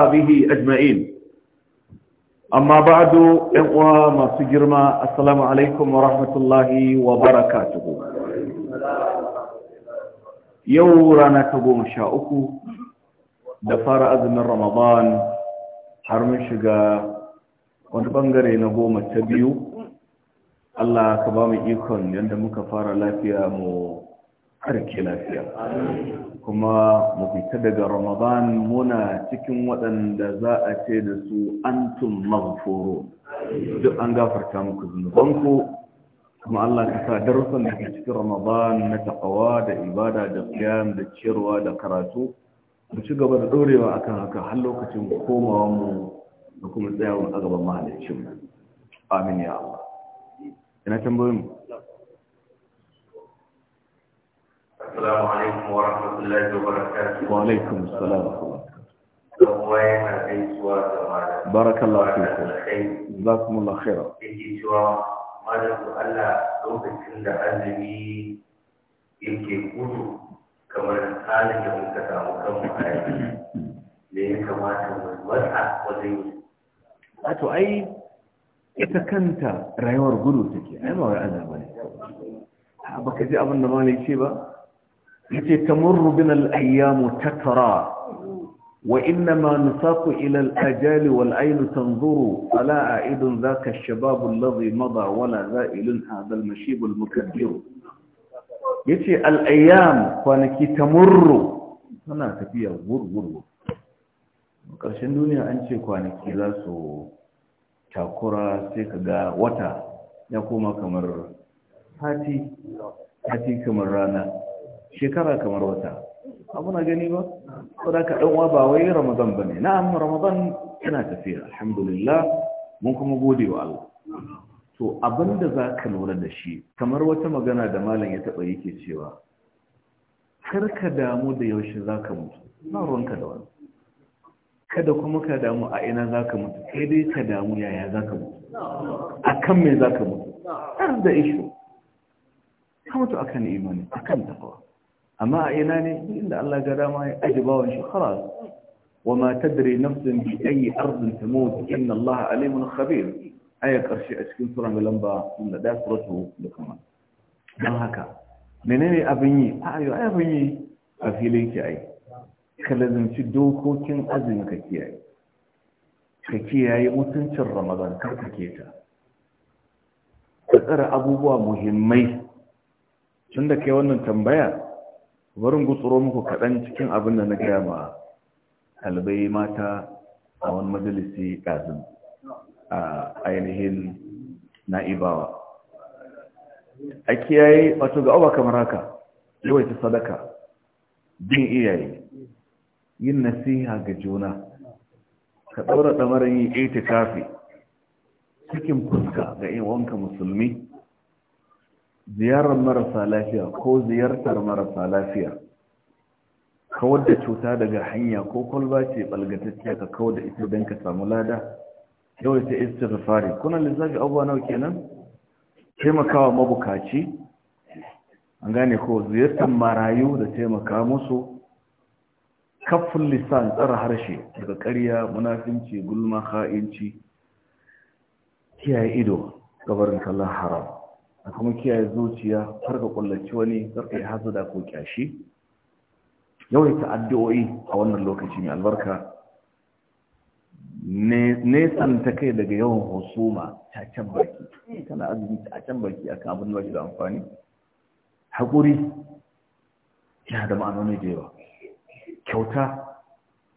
به أجمعين أما بعد إقوى ما سجرما السلام عليكم ورحمة الله وبركاته يورانا كبوم شاؤكو دفار أزم رمضان حرم شقا ونبنغري نبوم التبيو Allah ka ba mu ikon yadda muka fara lafiya mu karke lafiya. Amin. kuma mu fita daga ramadan muna cikin waɗanda za a ce da su antum maghfuru duk an gafarta muku zunubanku kuma Allah ka sa darussan da ke cikin ramadan na taqwa da ibada da qiyam da ciyarwa da karatu mu ci gaba da dorewa akan haka har lokacin komawa mu da kuma tsayawa a gaban mahaliccin amin ya Allah ina tambayoyin السلام عليكم ورحمة الله وبركاته وعليكم السلام ورحمة الله بارك الله فيكم جزاكم الله خيرا da yake kamar da muka samu kanmu da ya kamata mu wajen yi. Wato ai ita kanta rayuwar gudu take ai ba wai azaba ne. Baka ji abin da malai ce ba? yace tamurru bin al-ayyamu takra wa inna ma nusaku ila ajali wal ainu tanzuru ala a'idun zaka ash-shabab alladhi mada wala za'ilun hadha al-mashib al yace al-ayyam kwanaki tamurru suna tafiya gurgurgu ƙarshen duniya an ce kwanaki za su takura sai ka ga wata ya koma kamar hati hati kamar rana shekara kamar wata abuna gani ba saboda ka dan uwa ba wai ramadan bane na'am ramadan yana tafiya alhamdulillah mun kuma gode wa Allah to abinda za ka lura da shi kamar wata magana da malam ya taɓa yake cewa kar ka damu da yaushe za ka mutu na ruwanka da wani kada kuma ka damu a ina za ka mutu kai dai ka damu yaya za ka mutu a kan me za ka mutu har da isho ka mutu a kan imani a kan tafawa amma a ina ne inda Allah ga dama ya aji bawan shi khalas wa ma tadri nafsun bi ayi ardin tamut inna Allah alimun khabir aya karshe a cikin sura lamba da da suratu lukman dan haka menene abin yi ayo abin yi a filin ki ai ka lazimci dokokin azumi ka kiyaye ka kiyaye mutuncin ramadan kar ka keta ka tsara abubuwa muhimmai tun da kai wannan tambaya barin gutsuro muku kaɗan cikin abin da na gaya ma talibai mata a wani majalisi ɗazin a ainihin na'ibawa a kiyaye wato ga awa kamar haka yawaita sadaka bin iyaye yin nasiha ga juna ka ɗaura ɗamarin yi ita kafi cikin fuska ga yin wanka musulmi ziyarar marasa lafiya ko ziyartar marasa lafiya kawar da cuta daga hanya ko kwalba ce balgatacciya ka kawar da ita don ka samu lada yau ta fari. kuna lissafi abubuwa nawa kenan taimakawa mabukaci an gane ko ziyartar marayu da taimaka musu kafin lissan tsara harshe daga karya, munafinci gulma ha'inci kiyaye ido gabarin kallon haram a kuma kiyaye zuciya ka kullaci wani ka yi hasada ko kyashi ta addu'o'i a wannan lokaci mai albarka nesan ta kai daga yawan husuma ta can baki eh, kana azumi can baki a kan abin da da amfani haƙuri yana da ma'anoni da yawa kyauta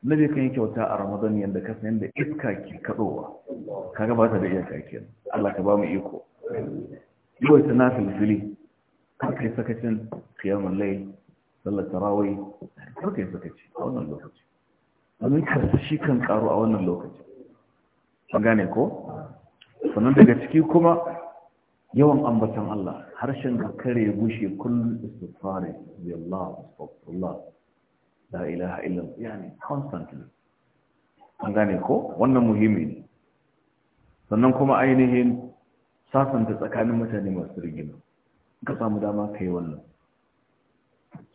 na bai kan yi kyauta a ramadan yadda ka san yadda iska ke kaɗowa ka gabata da iya kenan allah ka ba mu iko yawaita na filfili karkai sakacin kiyamun lai sallar tarawai karkai sakaci a wannan lokaci domin karsa shi kan karu a wannan lokaci an gane ko sannan daga ciki kuma yawan ambatan Allah harshen ka kare gushe kullum istighfari bi Allah astaghfirullah la ilaha illa yani constantly an gane ko wannan muhimmi sannan kuma ainihin sasanta tsakanin mutane masu rigima ka samu dama ka yi wannan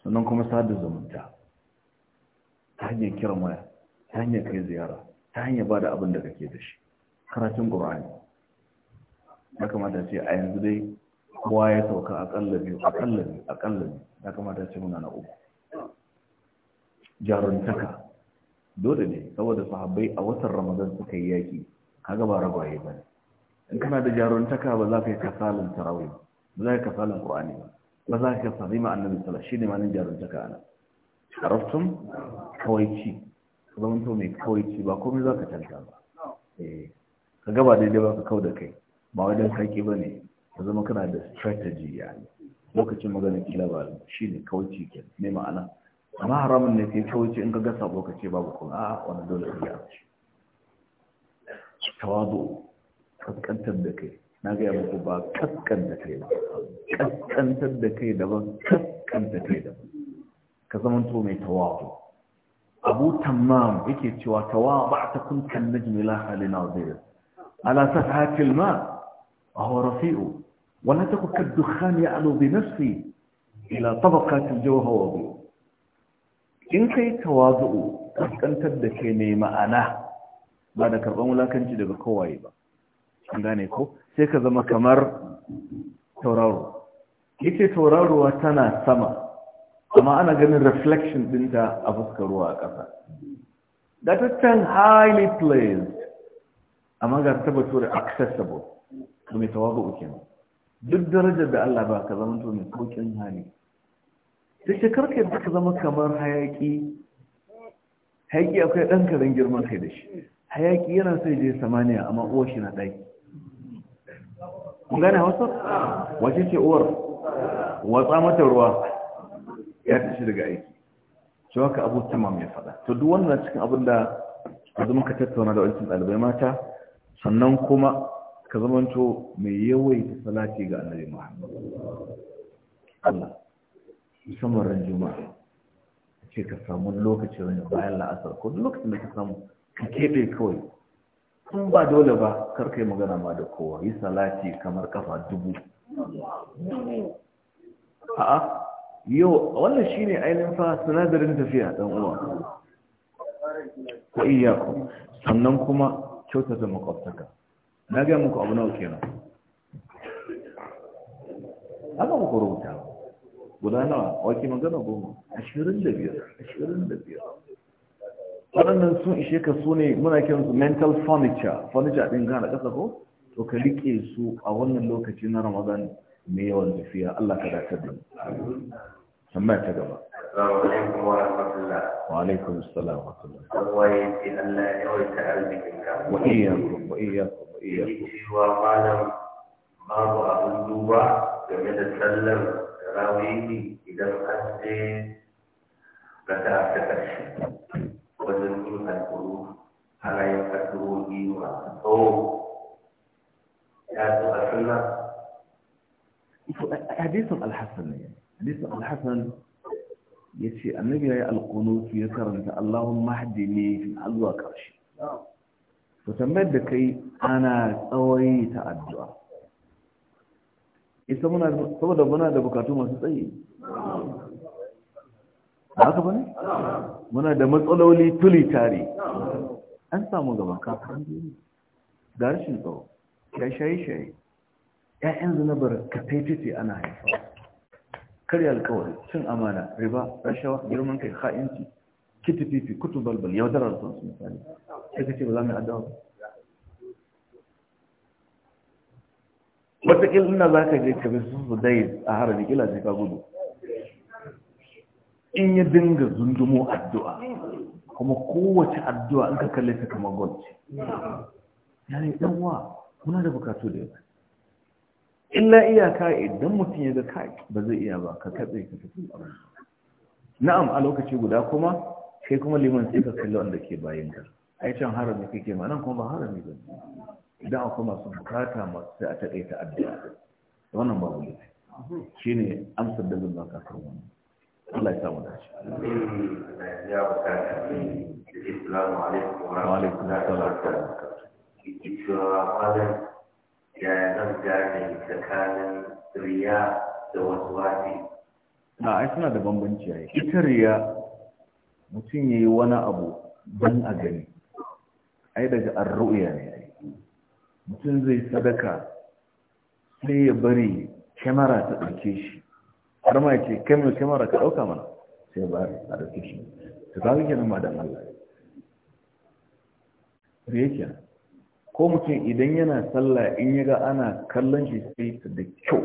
sannan kuma sada zumunta ta hanyar kiran waya ta hanyar kai ziyara ta hanyar ba da abin da kake da shi karatun ƙur'ani ya kamata ce a yanzu dai kowa ya sauka aƙalla biyu aƙalla biyu aƙalla biyu ya kamata ce muna na uku jaruntaka dole ne saboda sahabbai a watan ramadan suka yi yaƙi kaga ba ragwaye ba ne in kana da jarumtaka ba za ka yi kasalin tarawi ba za ka yi kasalin ƙwani ba ba za ka yi sarima annabi sallallahu shi ne shine ma'anar jaruntaka ana araftum kawaici zamanto mai kawaici ba komai za ka canta ba eh, ka gaba daidai ba ka kau da kai ba wajen dan ba ne ka zama kana da strategy ya yani lokacin magana kila ba shi ne kawaici ke ne ma'ana amma haramun ne kai kawaici in ka ga sabo lokaci babu kuma a wani dole ya ce tawadu kaskantar da kai na gaya muku ba kaskanta kai ba kaskantar da kai daban kaskanta kai daban ka zamanto mai tawadu abu tamam yake cewa tawaba ta kun kan najmi la halin azir ala safhati alma wa huwa rafi'u wa la taku kadukhan ya'lu bi nafsi ila tabaqati aljawha wa bi in kai tawadu kaskantar da kai ne ma'ana ba da karban wulakanci daga kowaye ba an gane ko sai ka zama kamar tauraro ita tauraruwa tana sama amma ana ganin reflection dinta a fuskar ruwa a ƙasa that is ten highly placed amma ga tabbatu da accessible to mai tawaga uke duk darajar da Allah ba ka zama to mai kokin hali ta shekar ka yadda ka zama kamar hayaki hayaki akwai ɗan karin girman kai da shi hayaki yana sai je samaniya amma uwa shi na ɗaki kun gane hausa wace ce uwar watsa mata ruwa ya tashi daga aiki shi haka abu tamam ya faɗa to duk wannan cikin abin da ka zama ka tattauna da wancan ɗalibai mata sannan kuma ka zamanto mai yawaita salati ga annabi muhammad Allah musamman ran juma'a ce ka samu lokacin bayan la'asar ko duk lokacin da ka samu ka keɓe kawai kun ba dole ba kar magana ma da kowa yi salati kamar kafa dubu a'a yau wannan shine ainihin fa sinadarin tafiya dan uwa iya ku sannan kuma kyautata makwabtaka na gaya muku abu nawa kenan haka muku rubuta guda nawa waki magana goma ashirin da biyar ashirin da biyar waɗannan sun ishe ka su ne muna kiransu mental furniture furniture ɗin gana ƙasa ko to ka riƙe su a wannan lokaci na ramadan mai yawan tafiya allah ka da mu tambaya ta gaba وعليكم السلام ورحمة الله وإياكم وإياكم وإياكم malam babu abin duba game da sallar rawihi idan an je ga ta ta ƙarshe wajen yin alƙuru ana yin addu'o'i masu tsawo ya zo a sunna hadisin alhassan ne hadisin alhassan ya ce annabi ya yi alƙunutu ya karanta allahun mahadi ne a zuwa ƙarshe to tambayar da kai ana tsawai ta addu'a ita muna saboda muna da bukatu masu tsayi haka ba ne? muna da matsaloli tuli tare an samu gaba kafin duniya Ga rashin tsawo, ya shaye-shaye ‘ya'yan zunabar kataititi ana haifawa karya alkawari cin amana riba rashawa girman kai ha'inci kitififi kutu balbal yaudarar sun su misali sai ce ba za mu adawa ba wataƙil ina za ka je ka bi su su dai a harabi ila sai ka gudu in ya dinga zundumo addu'a kuma kowace addu'a in ka kalle ta kama gwamci yani dan wa kuna da bukatu da yawa illa iyaka idan mutum ya ga kai ba zai iya ba ka katse ka tafi na'am a lokaci guda kuma kai kuma liman sai ka kalli wanda ke bayan ka ai can harami kake ma nan kuma ba harami ba idan akwai masu bukata masu sai a taƙaita addu'a wannan babu ne shine amsar da zan ba kan wannan Allah ya samu dace Assalamu alaikum wa rahmatullahi wa ya nan gane tsakanin riya da waswasi a ai suna da bambanci ai ita riya mutum yayi wani abu ban a gani ai daga arruya ne mutum zai sadaka sai ya bari kyamara ta ɗauke shi har ma ce kai mai kamara ka ɗauka mana sai ba a ɗauke shi ta zama ke nama dan Allah ya ke ko mutum idan yana sallah in ya ga ana kallon shi sai ta da kyau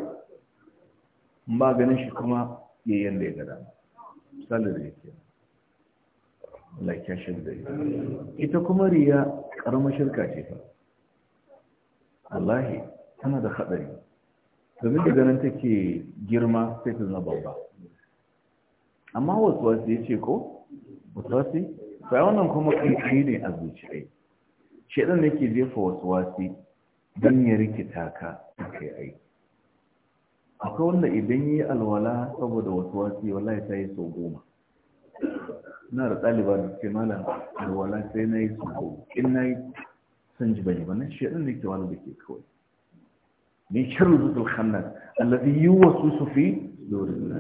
ba ganin shi kuma ya yanda ya gada sallah da yake Allah ya yi." ita kuma riya ƙaramar shirka ce fa wallahi tana da haɗari domin da ganin take girma sai ta zama babba amma wasu wasu ya ce ko wasu wasu sai wannan kuma kai ne a zuciya shedan ne ke jefa wasu wasu don ya rikita ka kai ai akwai wanda idan yi alwala saboda wasu wasu wallahi ta yi sau goma na da ɗaliba da suke mala alwala sai na yi sau goma in na yi san ji bane ba na shedan ne ke wani da ke kawai min sharri zutul khannas allazi su fi sudurin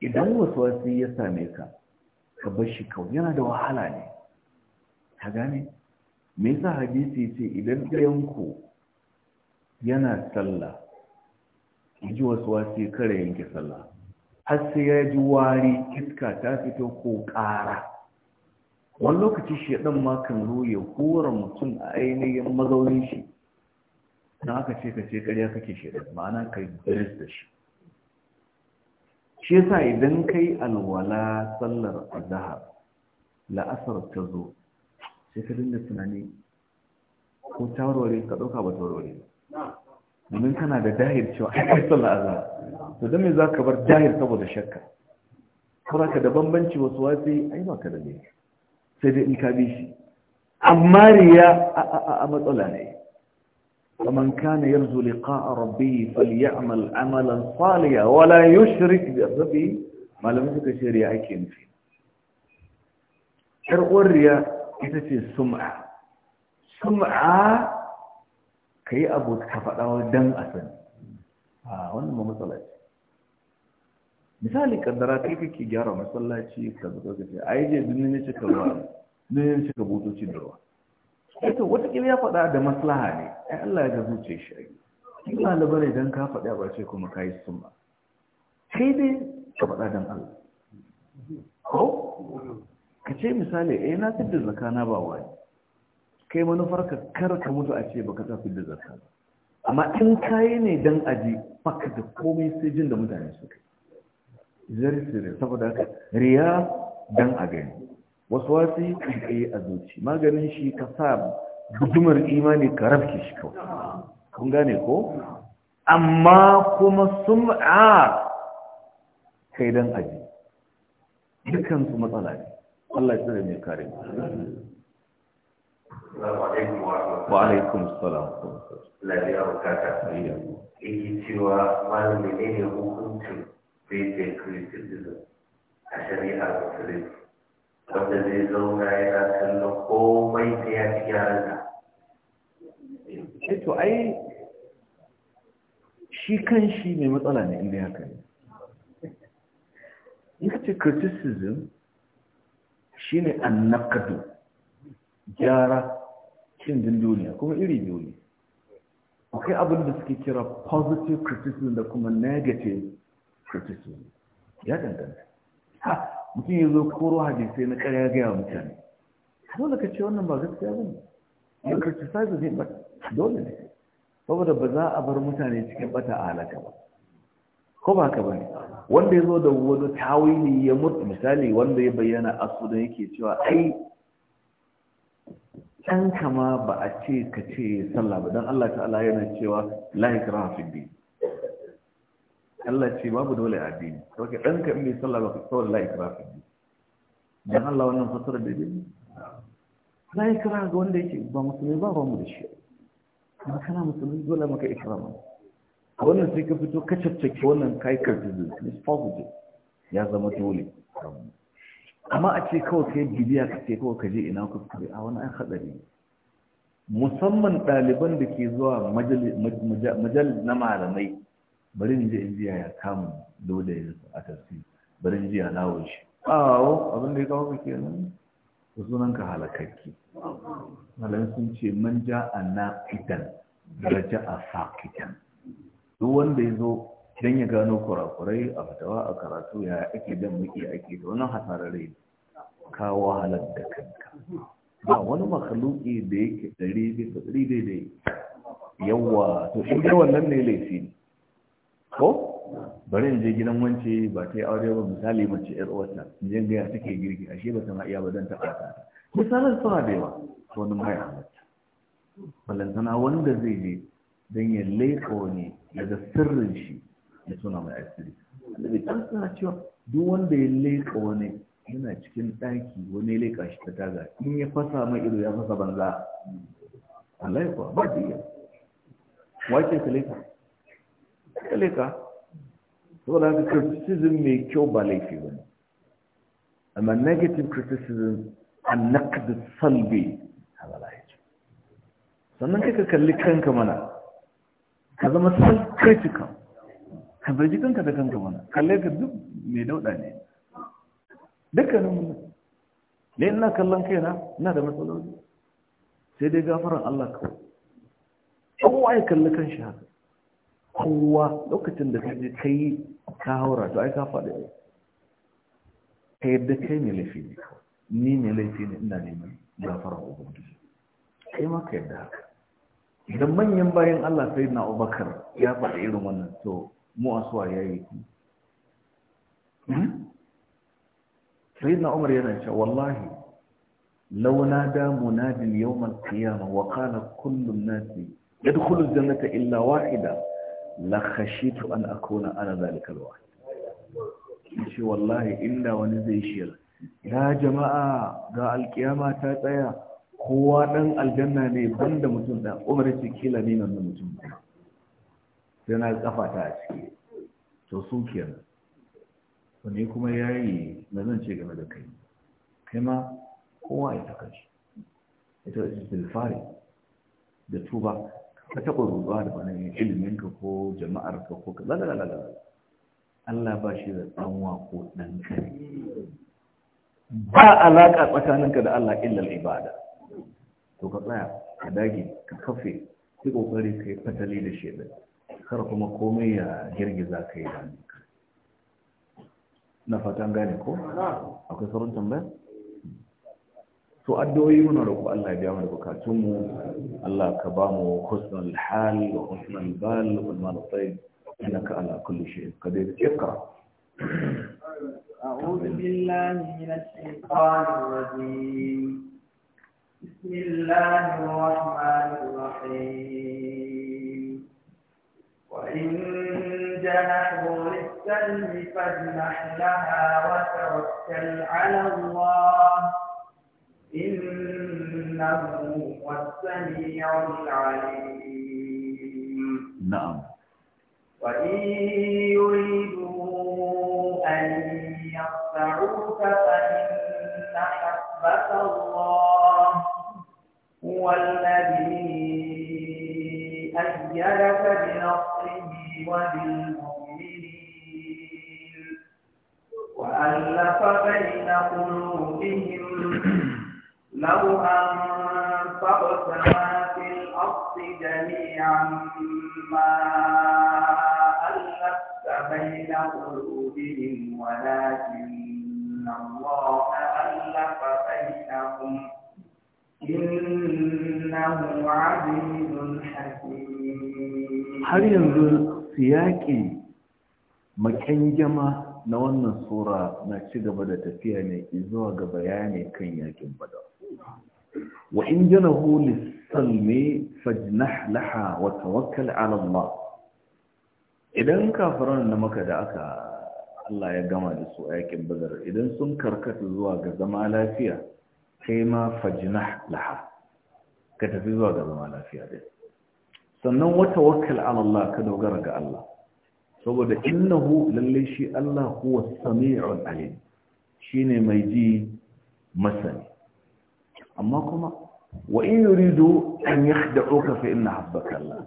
idan waswasi ya same ka ka bar shi kawai yana da wahala ne ka gane me yasa hadisi ce idan ɗayan ku yana sallah ji waswasi kare yanke sallah har sai ya ji wari kitka ta fito ko ƙara wani lokaci shi ɗan ma kan zo ya hura mutum a ainihin mazaunin shi na aka ce ka ce ƙarya kake da ma'ana ka yi da shi shi yasa idan kai alwala sallar zahar la'asar ta zo sai ka dinga tunani ko ta ka ɗauka ba ta warware domin kana da dahir cewa a kai sallar azahar. to don me za ka bar dahir saboda shakka kuma ka da bambanci wasu wasi ai ba ka da ne sai dai in ka bi shi amma riya a matsala ne ومن كان يرجو لقاء ربه فليعمل عملا صالحا ولا يشرك بربه ما لم يكن شريعه كان في شر وريا ايتتي سمعه sum'a kai abu ka fada wa dan asan a wannan ma masallaci misali kaddara kai kike gyara masallaci ka zo ka ce ai je dinne ne ce ka ruwa dinne ne ce butoci da ruwa eto eh watakila ya faɗa da maslaha ne ai eh, Allah ya ga zuce shi ai in ɗaliba ne don ka faɗa ba ce kuma ka yi sun ba sai dai ka faɗa don Allah ko ka ce misali eh na fi da zaka na ba wani kai manufar ka kar ka mutu a ce ba ka tafi da zaka ba amma in ka yi ne don aji faka da komai sai jin da mutane suka yi zari sirri saboda haka riya don a gani wasu wasi ka yi a zuci maganin shi ka sa gudumar imani ka rafke shi kawai kun gane ko amma kuma sum'a kai dan aji dukkan matsala ne Allah ya tsare mai kare wa alaikum salam lafiya bukata iya yi cewa malami ne ne hukuncin faith and criticism a shari'ar musulunci wanda zai zauna yana kallon komai da ya ci yaranka eh, to ai shi kan shi mai matsala ne inda ya kai ita ce criticism shi ne annakado gyara cin din duniya kuma iri biyu ne akwai abin da suke kira positive criticism da kuma negative criticism ya danganta mutum ya zo koro hadisai na karya gaya wa mutane dole ka ce wannan ba gaskiya ba ne ya karci sabi zai ba dole ne saboda ba za a bar mutane cikin bata a halaka ba ko ba ka ba ne wanda ya zo da wani ne ya mutu misali wanda ya bayyana a su da yake cewa ai ɗan kama ba a ce ka ce sallah ba don Allah ta'ala yana cewa la ikraha fi din Allah ce babu dole a addini kawai ɗan ka mai sallah ba ka tsawon la ikra fi din dan Allah wannan fasara da din la ikra ga wanda yake ba musulmi ba ba mu da shi kuma kana musulmi dole maka ikrama a wannan sai ka fito ka caccake wannan kai ka zuzu is positive ya zama dole amma a ce kawai kai bibiya ka ce kawai ka je ina kuskure a wani an hadari musamman ɗaliban da ke zuwa majal na malamai bari in je in ji yaya dole ya a tafsiri bari in ji ya lawo awo abin da ya kawo kake nan da sunan ka halakakki malam sun ce man ja a na fitan daraja a sa fitan duk wanda ya zo don ya gano kurakurai a fatawa a karatu ya ake dan muke ake da wani hasararre kawo halar da kanka ba wani makaluki da yake ɗari da ɗari da yawa to shi wannan ne laifi ne ko bari in je gidan wance ba ta yi aure ba misali mace yar uwarta in je ga take girki ashe ba ta iya ba dan ta ɓata misalan suna da yawa ta wani mai halatta balantana wanda zai je don ya leƙa wani daga sirrin shi ya suna mai asiri annabi ta suna cewa duk wanda ya leƙa wani yana cikin ɗaki wani laika shi ta taga in ya fasa mai ido ya fasa banza Allah ya kuwa ba Wa wace ka laika? kale ka that the criticism may kyau ba laifi ba amma negative criticism a nakadu salbe haɓa laifi sannan kaka kalli kanka mana ka zama self-critical ka bari kanka da kanka mana kalle ka duk mai dauɗa ne dukkanin mu ne ina kallon kaina ina da matsaloli sai dai gafaran Allah kawai kowa ya kalli kan shi haka kowa lokacin da kai ka haura to ai ka faɗi ai ka yadda kai mai laifi ne ni mai laifi ne ina neman gafara ubangiji kai ma ka yadda haka idan manyan bayan Allah sai na Abubakar ya faɗi irin wannan to mu suwa ya yi ku hmm? sai na Umar yana cewa wallahi launa da munadin yawmal qiyamah wa qala kullu nasi yadkhulu jannata illa wahida la khashitu an akona ana zalikal wahid ce wallahi inda wani zai shira ya jama'a ga alkiyama ta tsaya kowa ɗan aljanna ne banda mutum da umar ce kila ne nan mutum sai na kafa ta a ciki to su kenan to ne kuma yayi na zan ce game da kai kai ma kowa ya ta ita ce da tuba ka taɓa da wani iliminka ko jama'arka ko ka lalala Allah ba shi da ɗanwa ko ɗanka ba alaƙa tsakaninka da Allah illal ibada to ka tsaya ka dage ka kafe ki ƙoƙari ka yi fatali da shaidan kar kuma komai ya girgiza ka yi na fatan gane ko akwai sauran tambaya to addu'o'i muna roƙo Allah ya biya mana bukatun mu Allah ka ba mu husnul hal wa husnul bal wal mal tayyib innaka ala kulli shay'in qadir iqra أعوذ بالله من الشيطان الرجيم بسم الله الرحمن الرحيم وإن جنحوا للسلم فاجنح لها وتوكل على الله إنه هو السميع العليم نعم وإن يريدوا أن يخدعوك فإن حسبك الله هو الذي أيدك بنصره وبالمؤمنين وألف بين قلوبهم لو أنفقت ما في الأرض جميعا ما ألفت بين قلوبهم ولكن الله ألف بينهم إنه عزيز حكيم هل ينزل سياكي makanjama na wannan sura na ci gaba da tafiya ne zuwa ga bayani kan yakin badar wa in janahu lis-salmi fajnah laha wa tawakkal 'ala Allah idan kafiran na maka da aka Allah ya gama da su yakin bazar idan sun karkata zuwa ga zama lafiya kai ma fajnah laha ka tafi zuwa ga zama lafiya dai sannan wata wakal Allah ka dogara ga Allah saboda innahu lalle shi Allah huwa sami'ul alim shine mai ji masani amma kuma wa in yuridu an yakhda'uka fa inna habbaka Allah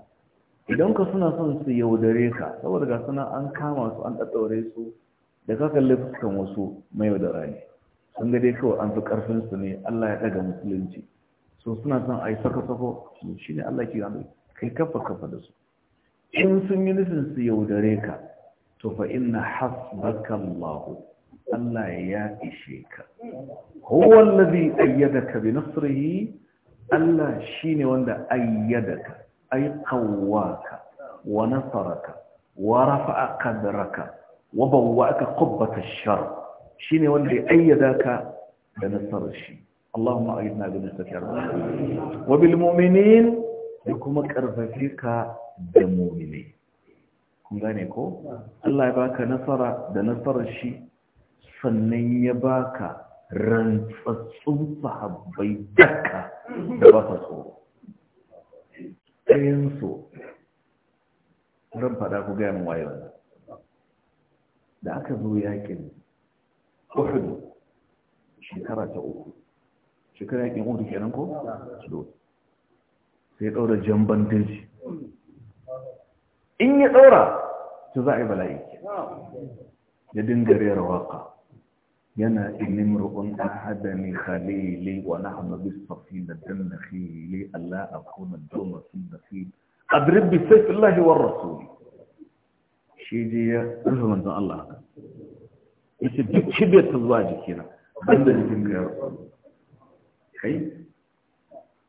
idan ka suna son su yaudare ka saboda ga suna an kama su an daddaure su da ka kalle fuskan wasu mai yaudara ne sun ga dai kawai an fi karfin su ne Allah ya daga musulunci so suna son ai saka sako shine Allah ke gano kai kafa kafa da su in sun yi nufin su yaudare ka to fa inna hasbaka Allah Allah ya ishe ka huwa allazi ka bi nasrihi Allah shine wanda ayyadaka ay qawwaka wa nasaraka wa rafa'a qadraka wa bawwa'aka qubbata ash-shar shine wanda ya ka da nasarar shi Allahumma ayyidna na nasrika ya rabbana wa bil mu'minin da kuma ƙarfafi ka da mu'mini kun gane ko Allah ya baka nasara da nasarar shi sannan ya baka rantsatsun sahabbai daka da ba sa tsoro ɗayansu ran faɗa ku gaya mu waye wannan da aka zo yakin uhud shekara ta uku shekara yakin uhud kenan ko sai ɗaura jan bandeji in ya ɗaura to za a yi bala'i ya dinga rawaka waka يانا النمر أحدني خليلي ونحن بالصفين الدم خيلي ألا أكون الدم في النفيل أضرب بسيف الله والرسول شيدي يا أنزل من الله إيش بيك شبية تزواجك هنا بند الجن يا رسول خي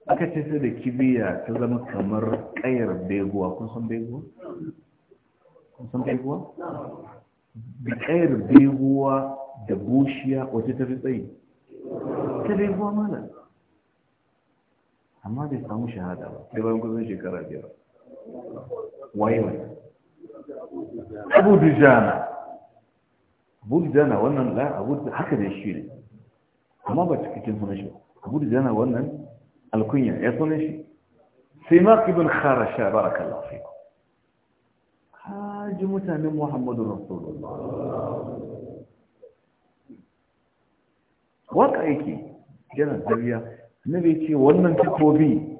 أكا تسيد كبية كذا مكمر كير بيقوا كنصم بيقوا كنصم بيقوا بكير بيقوا da bushiya wace ta fi tsayi ta fi ruwa mana amma bai samu shahada ba sai bayan kusan shekara biyar waye wani abu dujana abu dujana wannan la abu haka da shi ne amma ba cikakken sunan shi abu dujana wannan alkunya ya sunan shi sai ma ibn kharasha barakallahu fiku ji mutanen muhammadu rasulullah waka yake yana na zai ce wannan takobi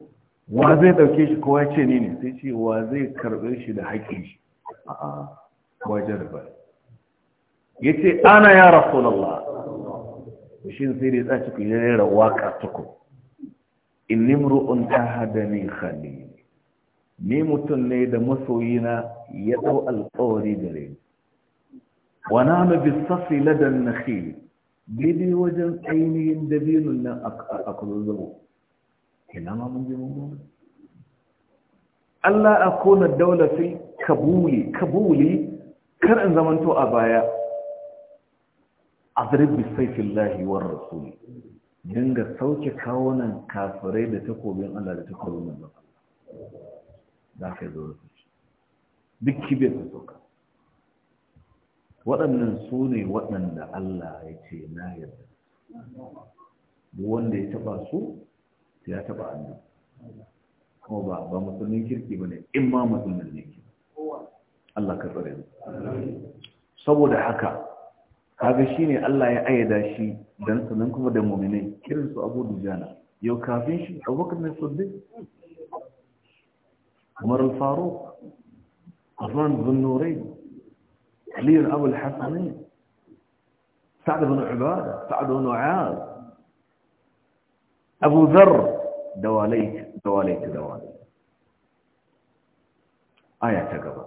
wa zai dauke shi kowa ce ni ne sai ce wa zai karbe shi da haƙƙin shi a'a wajen ba ce ana ya rasulallah. shin sai dai tsaci ku rera waka tuku in hada ne khali ni mutum ne da masoyina ya dau alƙawari gare ni wa nanu bisafi ladan khili daidai wajen ainihin dabinun nan a kudin zabo ina ma mun je mun Allah a kona daular kabuli kabuli kar in zamanto a baya azrib bi sayfillahi war rasul dinga sauke kawunan kafirai da takobin Allah da takobin Allah da yi zo duk kibiyar ta sauka waɗannan su ne waɗanda Allah ya ce na yarda wanda ya taɓa su ya taɓa annu kuma ba ba musulmin kirki ba ne in ma musulmin ne ke Allah ka tsare saboda haka kaga shine Allah ya ayyada shi dan sanan kuma da mu'minai kirin su Abu Dujana yau kafin shi Abubakar ne Siddiq Umar al-Faruq a bin Nurayn علي أبو الحسن سعد بن عبادة سعد بن عاد أبو ذر دواليك دواليك دواليك آية تقبل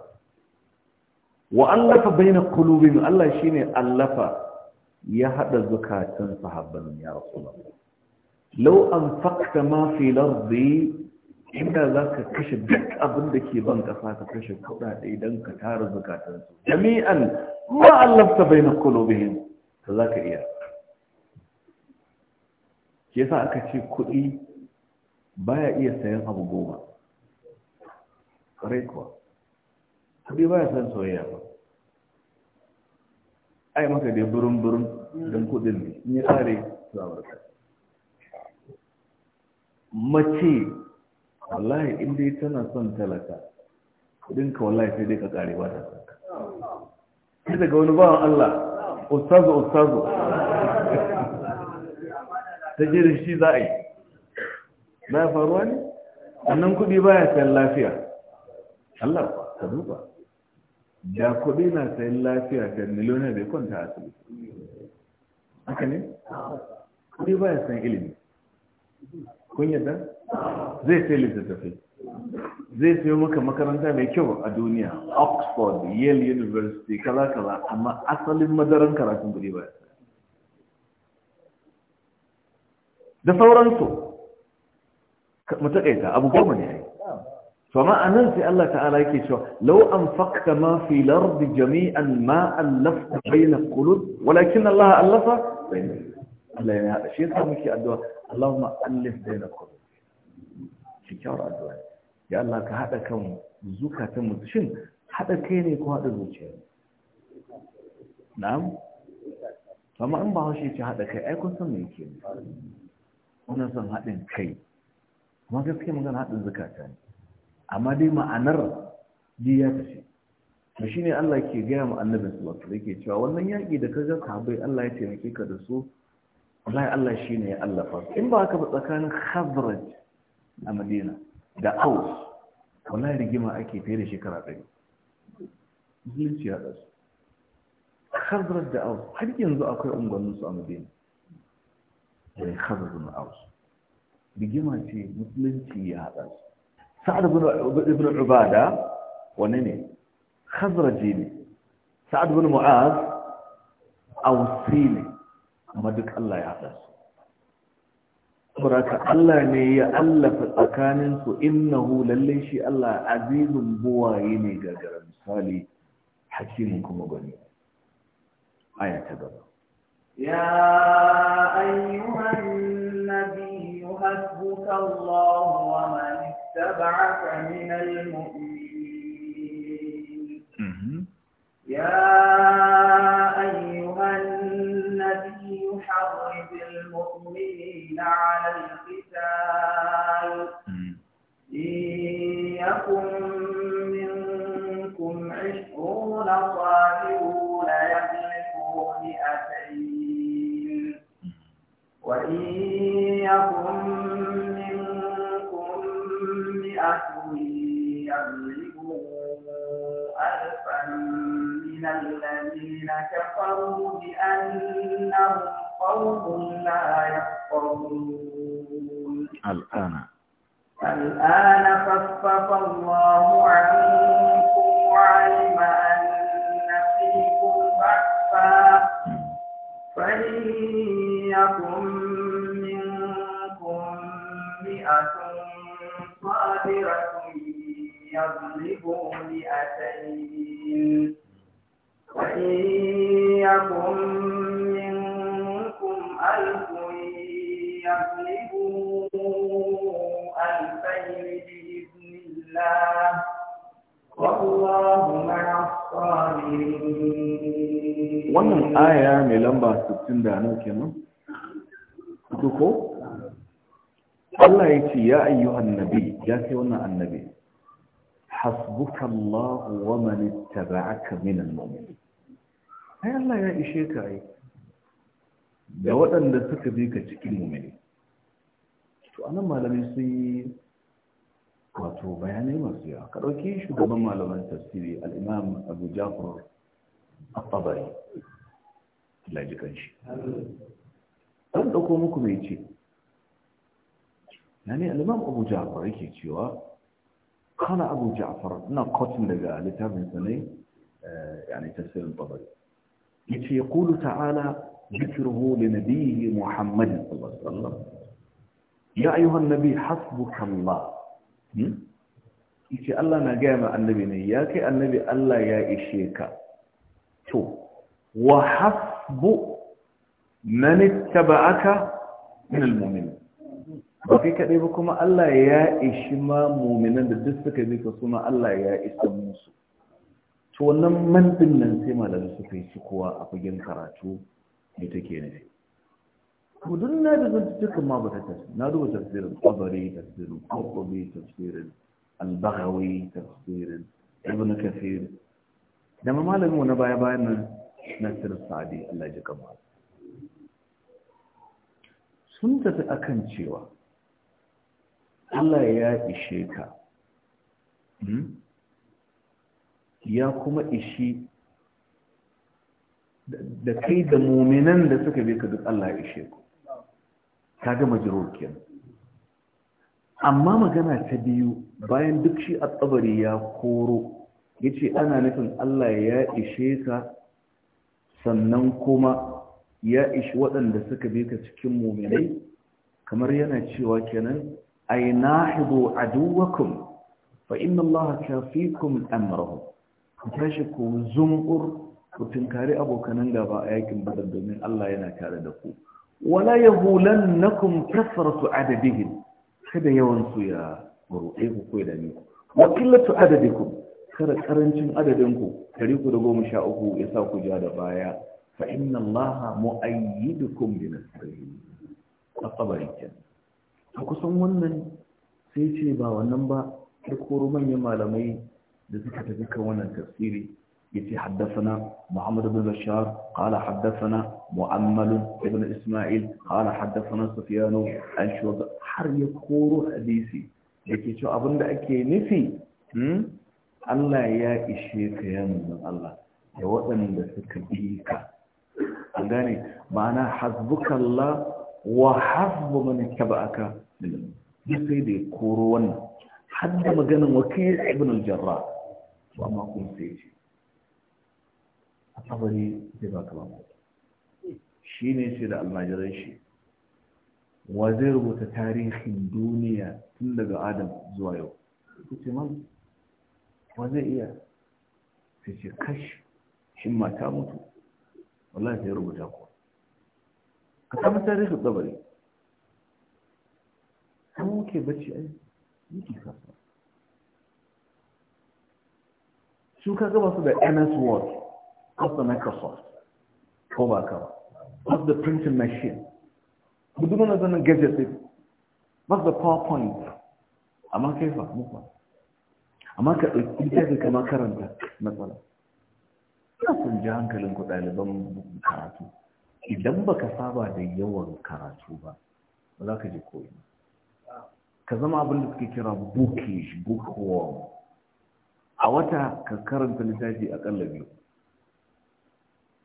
وألف بين قلوبهم الله شيني ألف يهد زكاة صحابا يا رسول الله لو أنفقت ما في الأرض inda za ka kashe duk abin da ke ban kasa ka kashe kuɗaɗe don ka tara zukatansu jami'an ma allafta bai na kulubihim ta za ka iya ke sa aka ce kuɗi baya iya sayan abu goma ƙarai kuwa kuɗi baya san soyayya ba ai maka dai burin-burin don kuɗin ne tsare su amurka mace wallahi in dai tana son talaka kudin ka wallahi sai dai ka kare ba ta sai daga wani bawan Allah ustazu ustazu ta je da shi za a yi ba faruwa ne annan kudi baya sayan lafiya Allah ka duba da kudi na sayan lafiya da miliyoniya bai kwanta asibiti haka ne kudi baya sayan ilimi kun yadda zai sai littattafai zai sai maka makaranta mai kyau a duniya oxford yale university kala-kala, amma asalin madaran karatun guri ba da sauransu mutakaita abu goma ne yayi fama anan sai Allah ta'ala yake cewa law anfaqta ma fi al jami'an ma allafta bayna qulub walakin Allah allafa bainahum Allah ya haɗa shi yasa muke addu'a Allahumma allif baina shi kyawar addu'a ya Allah ka haɗa kan zukatan mu shin haɗa kai ne ko haɗa zuciya na'am amma in ba haushe ce haɗa kai ai kun san me yake kuna son haɗin kai amma gaskiya magana haɗin zukata ne amma dai ma'anar ji ya tafi to shine Allah ke gaya mu annabin su wato yake cewa wannan yaƙi da ka ga sahabbai Allah ya taimake ka da su wallahi Allah shi ne ya allafa in ba haka ba tsakanin khazraj a madina da aus wallahi rigima ake fiye da shekara ɗari musulunci ya ɗasu khazraj da aus har yanzu akwai unguwanninsu a madina da khazraj da aus rigima ce musulunci ya ɗasu sa'ad ibn ubada wani ne khazraji ne sa'ad ibn mu'az ausi ne amma duk Allah ya haɗa su saboda Allah ne ya allafa tsakanin su innahu lalle shi Allah azizun buwaye ne gagara misali hakimin kuma gani aya ta gaba ya ayyuhan nabi hasbuka Allah wa man ittaba'aka min al-mu'minin mhm. ya على القتال إن يكن منكم عشرون صابرون يغلبوا مئتين وإن يكن منكم مئة يغلبوا ألفا من الذين كفروا بأنهم قوم لا يفقهون الآن الآن خفف الله عنكم وعلم أن فيكم ضعفا فإن يكن منكم مئة صابرة يغلبوا مئتين وإن يكن wannan aya mai lamba 60 da nan kenan ko Allah ya ce ya ayyuhan nabi ya kai wannan annabi hasbuka Allah wa man ittaba'aka al mu'minin ai Allah ya ishe ka ai da waɗanda suka bi ka cikin mu'mini to anan malamai sun wato bayanai masu yawa ka ɗauki shugaban malaman tafsiri al'imam abu jafar al-tabari lajikan shi ɗan ɗauko muku mai ce na ne al'imam abu jafar yake cewa kana abu jafar na kotun daga littafin sanai yani tafsirin tabari yace ya kulu ta'ala ذكره لنبيه محمد صلى الله عليه وسلم يا أيها النبي حسبك الله Hmm? yace Allah na gaya ma annabi ne ya kai annabi Allah ya ishe ka to wa hasbu man ittaba'aka min almu'minin ba kai kaɗai ba kuma Allah ya ishi ma mu'minan da duk suka bi ka kuma Allah ya isa musu to wannan man nan sai malamai suka yi kuwa a fagen karatu ne take ne kudin na da sun cikin ma ba ta tafi na duba tafsirin ƙwazari tafsirin ƙwaƙwabi tafsirin albagawi tafsirin ibn kafir da ma malamin wani baya bayan nan nasir sa'adi allah ji kamar sun tafi akan cewa allah ya ishe ka hmm? ya kuma ishi da kai da muminan da suka bi ka duk allah ya ishe ku gama majrur kenan amma magana ta biyu bayan duk shi at ya koro yace ana nufin Allah ya ishe ka sannan kuma ya ishi waɗanda suka bi ka cikin mu'minai kamar yana cewa kenan ay nahidu aduwakum fa inna Allah kafikum amrahu ku tashi ku zumbur ku tunkari abokanan gaba a yakin badar domin Allah yana tare da ku wala yahulannakum kasratu adadihim kada yawan su ya ruɗe ku ko da ni wa adadikum kada karancin adadin ku kari ku da goma sha uku ya sa ku ja da baya fa inna allaha mu'ayyidukum bi nasrihi a kabarin a kusan wannan sai ce ba wannan ba da koro manyan malamai da suka tafi kan wannan tafsiri يتي حدثنا محمد بن بشار قال حدثنا مؤمل ابن إسماعيل قال حدثنا har ya koro hadisi da ce cewa da ake nufi Allah ya ishe ka ya nuna Allah ya waɗanda suka bi ka an gane ma'ana hasbukallah wa hasbu man tabaka duk da ya koro wannan har da maganin wakil ibn al-jarrah to amma kun sai kabari ka ba mamaki shi ne ce da almajiran shi wa zai rubuta tarihin duniya tun daga adam zuwa yau ku ce man wa zai iya su ce kashi, shi mata mutu wallahi sai rubuta ku ka samu tarihin tsabari kan muke bacci ai yake kasa su ka gaba su da ns word of the Microsoft ko cover ka what's the printing machine duk wani zanen gadget ɗin what's the powerpoint amma kai fa amma ka ɗauki littafi kama karanta matsala ina sun ji hankalin ku ɗaliban karatu idan baka saba da yawan karatu ba ba za ka je koyi ka zama abin da suke kira bookish bookworm a wata ka karanta littafi akalla biyu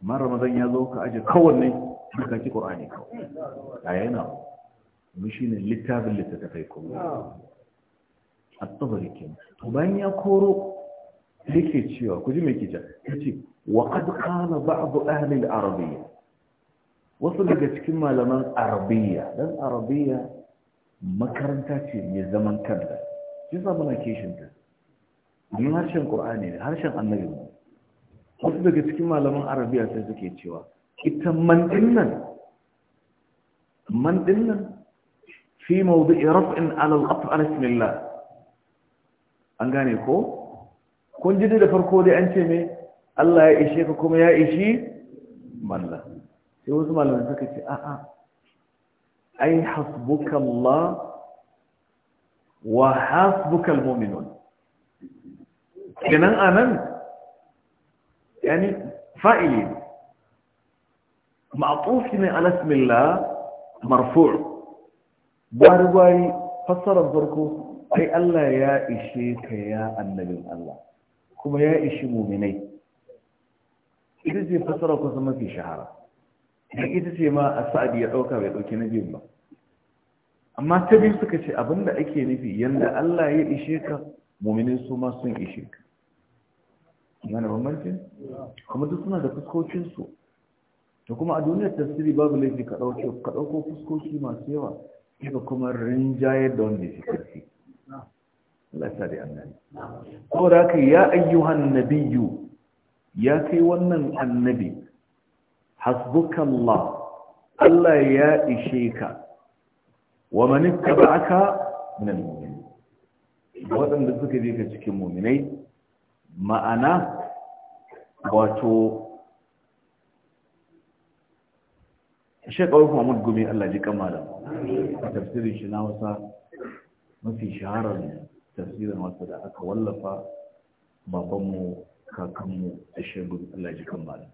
amma ramadan ya zo ka aje kowanne duka ki qur'ani kawai ayana mu ne littafin littattafai kuma A tabari kin bayan ya koro yake cewa ku ji me kike yace wa qad qala ba'd ahli al wasu daga cikin malaman arabiya, dan arabiya makaranta ce mai zaman kanta shi sa muna kishin ta harshen qur'ani ne harshen annabi wasu daga cikin malaman arabiya sai suke cewa ita man dinnan man dinnan fi mawdu'i raf'in ala al-qat'a ala an gane ko kun ji da farko dai an ce me Allah ya ishe ka kuma ya ishi malla sai wasu malaman suka ce a'a ai hasbuka wa hasbukal al-mu'minun kenan anan yani fa'ili ma'tuf ne ala ismi Allah marfu' barwai fassarar farko ai Allah ya ishe ka ya annabin Allah kuma ya ishi mu'minai ita ce fassarar kusa mafi shahara da ita ce ma a sa'adi ya ɗauka bai ɗauki na biyun ba amma ta biyu suka ce abinda ake nufi yadda Allah ya ishe ka muminai suma sun ishe ka gane bambanci kuma duk suna da fuskokinsu da kuma a duniyar tafsiri babu laifi ka ɗauko fuskoki masu yawa ya kuma rinjaye da wanda ya karfi Allah ya da annabi saboda haka ya ayyuhan yu ya kai wannan annabi hasbukallah Allah ya ishe ka wa man ba aka nan muminin waɗanda suka je ka cikin mu'minai ma'ana wato kuma mun gumi allah ji a tafsirin shi na wasa mafi shaharar tafsirin wasa da aka wallafa babanmu kakanmu a shekaru allah ji malam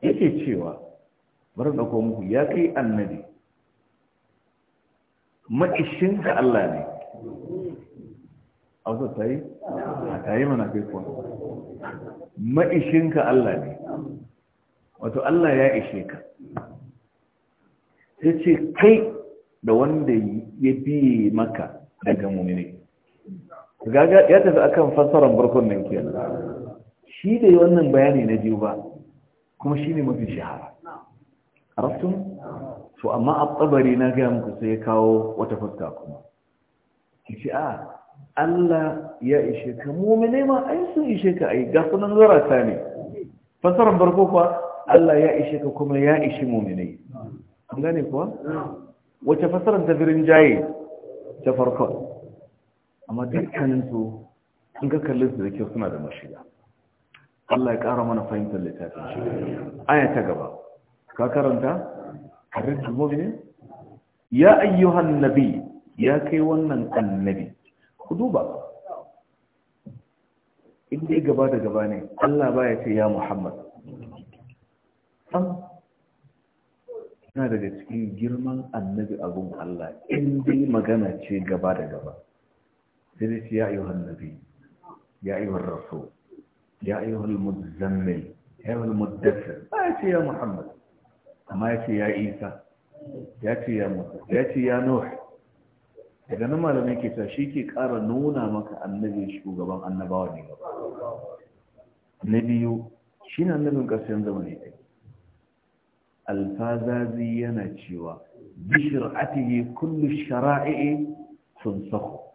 yake cewa bari da muku ya kai annabi maƙishinka allah ne hausa ta yi ta yi mana kai ma'ishinka Allah ne wato Allah ya ishe ka ya ce kai da wanda ya biye maka daga mummini gaga ya tafi akan fassarar barkon nan kenan shi da wannan bayani na biyu ba kuma shi ne mafi shahara arastun to amma a tsabari na gaya muku sai ya kawo wata fuska kuma ki ce a ah, Allah ya ishe ka mumine ma ai sun ishe ka ai ga sunan zarata ne fasarar barko kuwa Allah ya ishe ka kuma ya ishe mumine an gane kuwa wace fasarar ta birin jaye ta farko amma dukkanin su in ka kalli su da kyau suna da mashiga Allah ya ƙara mana fahimtar littafin shi aya ta gaba ka karanta harin mumine ya ayyuhan nabi ya kai wannan annabi ku duba inda gaba da gaba ne Allah ba ya ce ya Muhammad an na daga cikin girman annabi abun Allah inda magana ce gaba da gaba sai ce ya yi Nabi, ya yi rasu ya yi muzammil ya yi mulmudassir ba ya ce ya Muhammad amma ya ce ya Isa ya ce ya Musa ya ce ya Nuhu daga nan malamai ke ta shi ke ƙara nuna maka annabi shugaban annabawa ne gaba na biyu shi na annabin ƙarshen zamani ne alfazazi yana cewa bishir'atihi kullu shara'i'i sun sako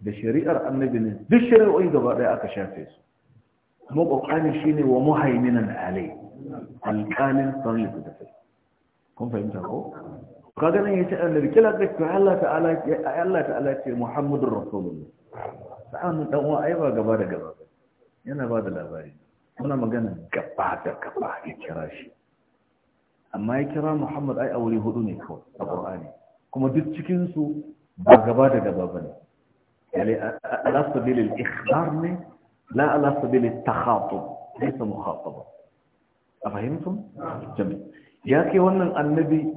da shari'ar annabi ne duk shari'o'i gaba ɗaya aka shafe su kuma ƙwaƙwani shi ne wa muhaiminan alai alƙalin sun kai. kun fahimta ko kaga nan yace annabi kila ga to Allah ta'ala Allah ta'ala ce Muhammadur Rasulullah sa'an dan uwa ai ba gaba da gaba yana ba da labari muna magana gaba da gaba ya kira shi amma ya kira Muhammad ai aure hudu ne kawai a Qur'ani kuma duk cikin su ba gaba da gaba bane yani ala sabil al-ikhbar ne la ala sabil at-takhatub laysa mukhataba afahimtum jami ya ke wannan annabi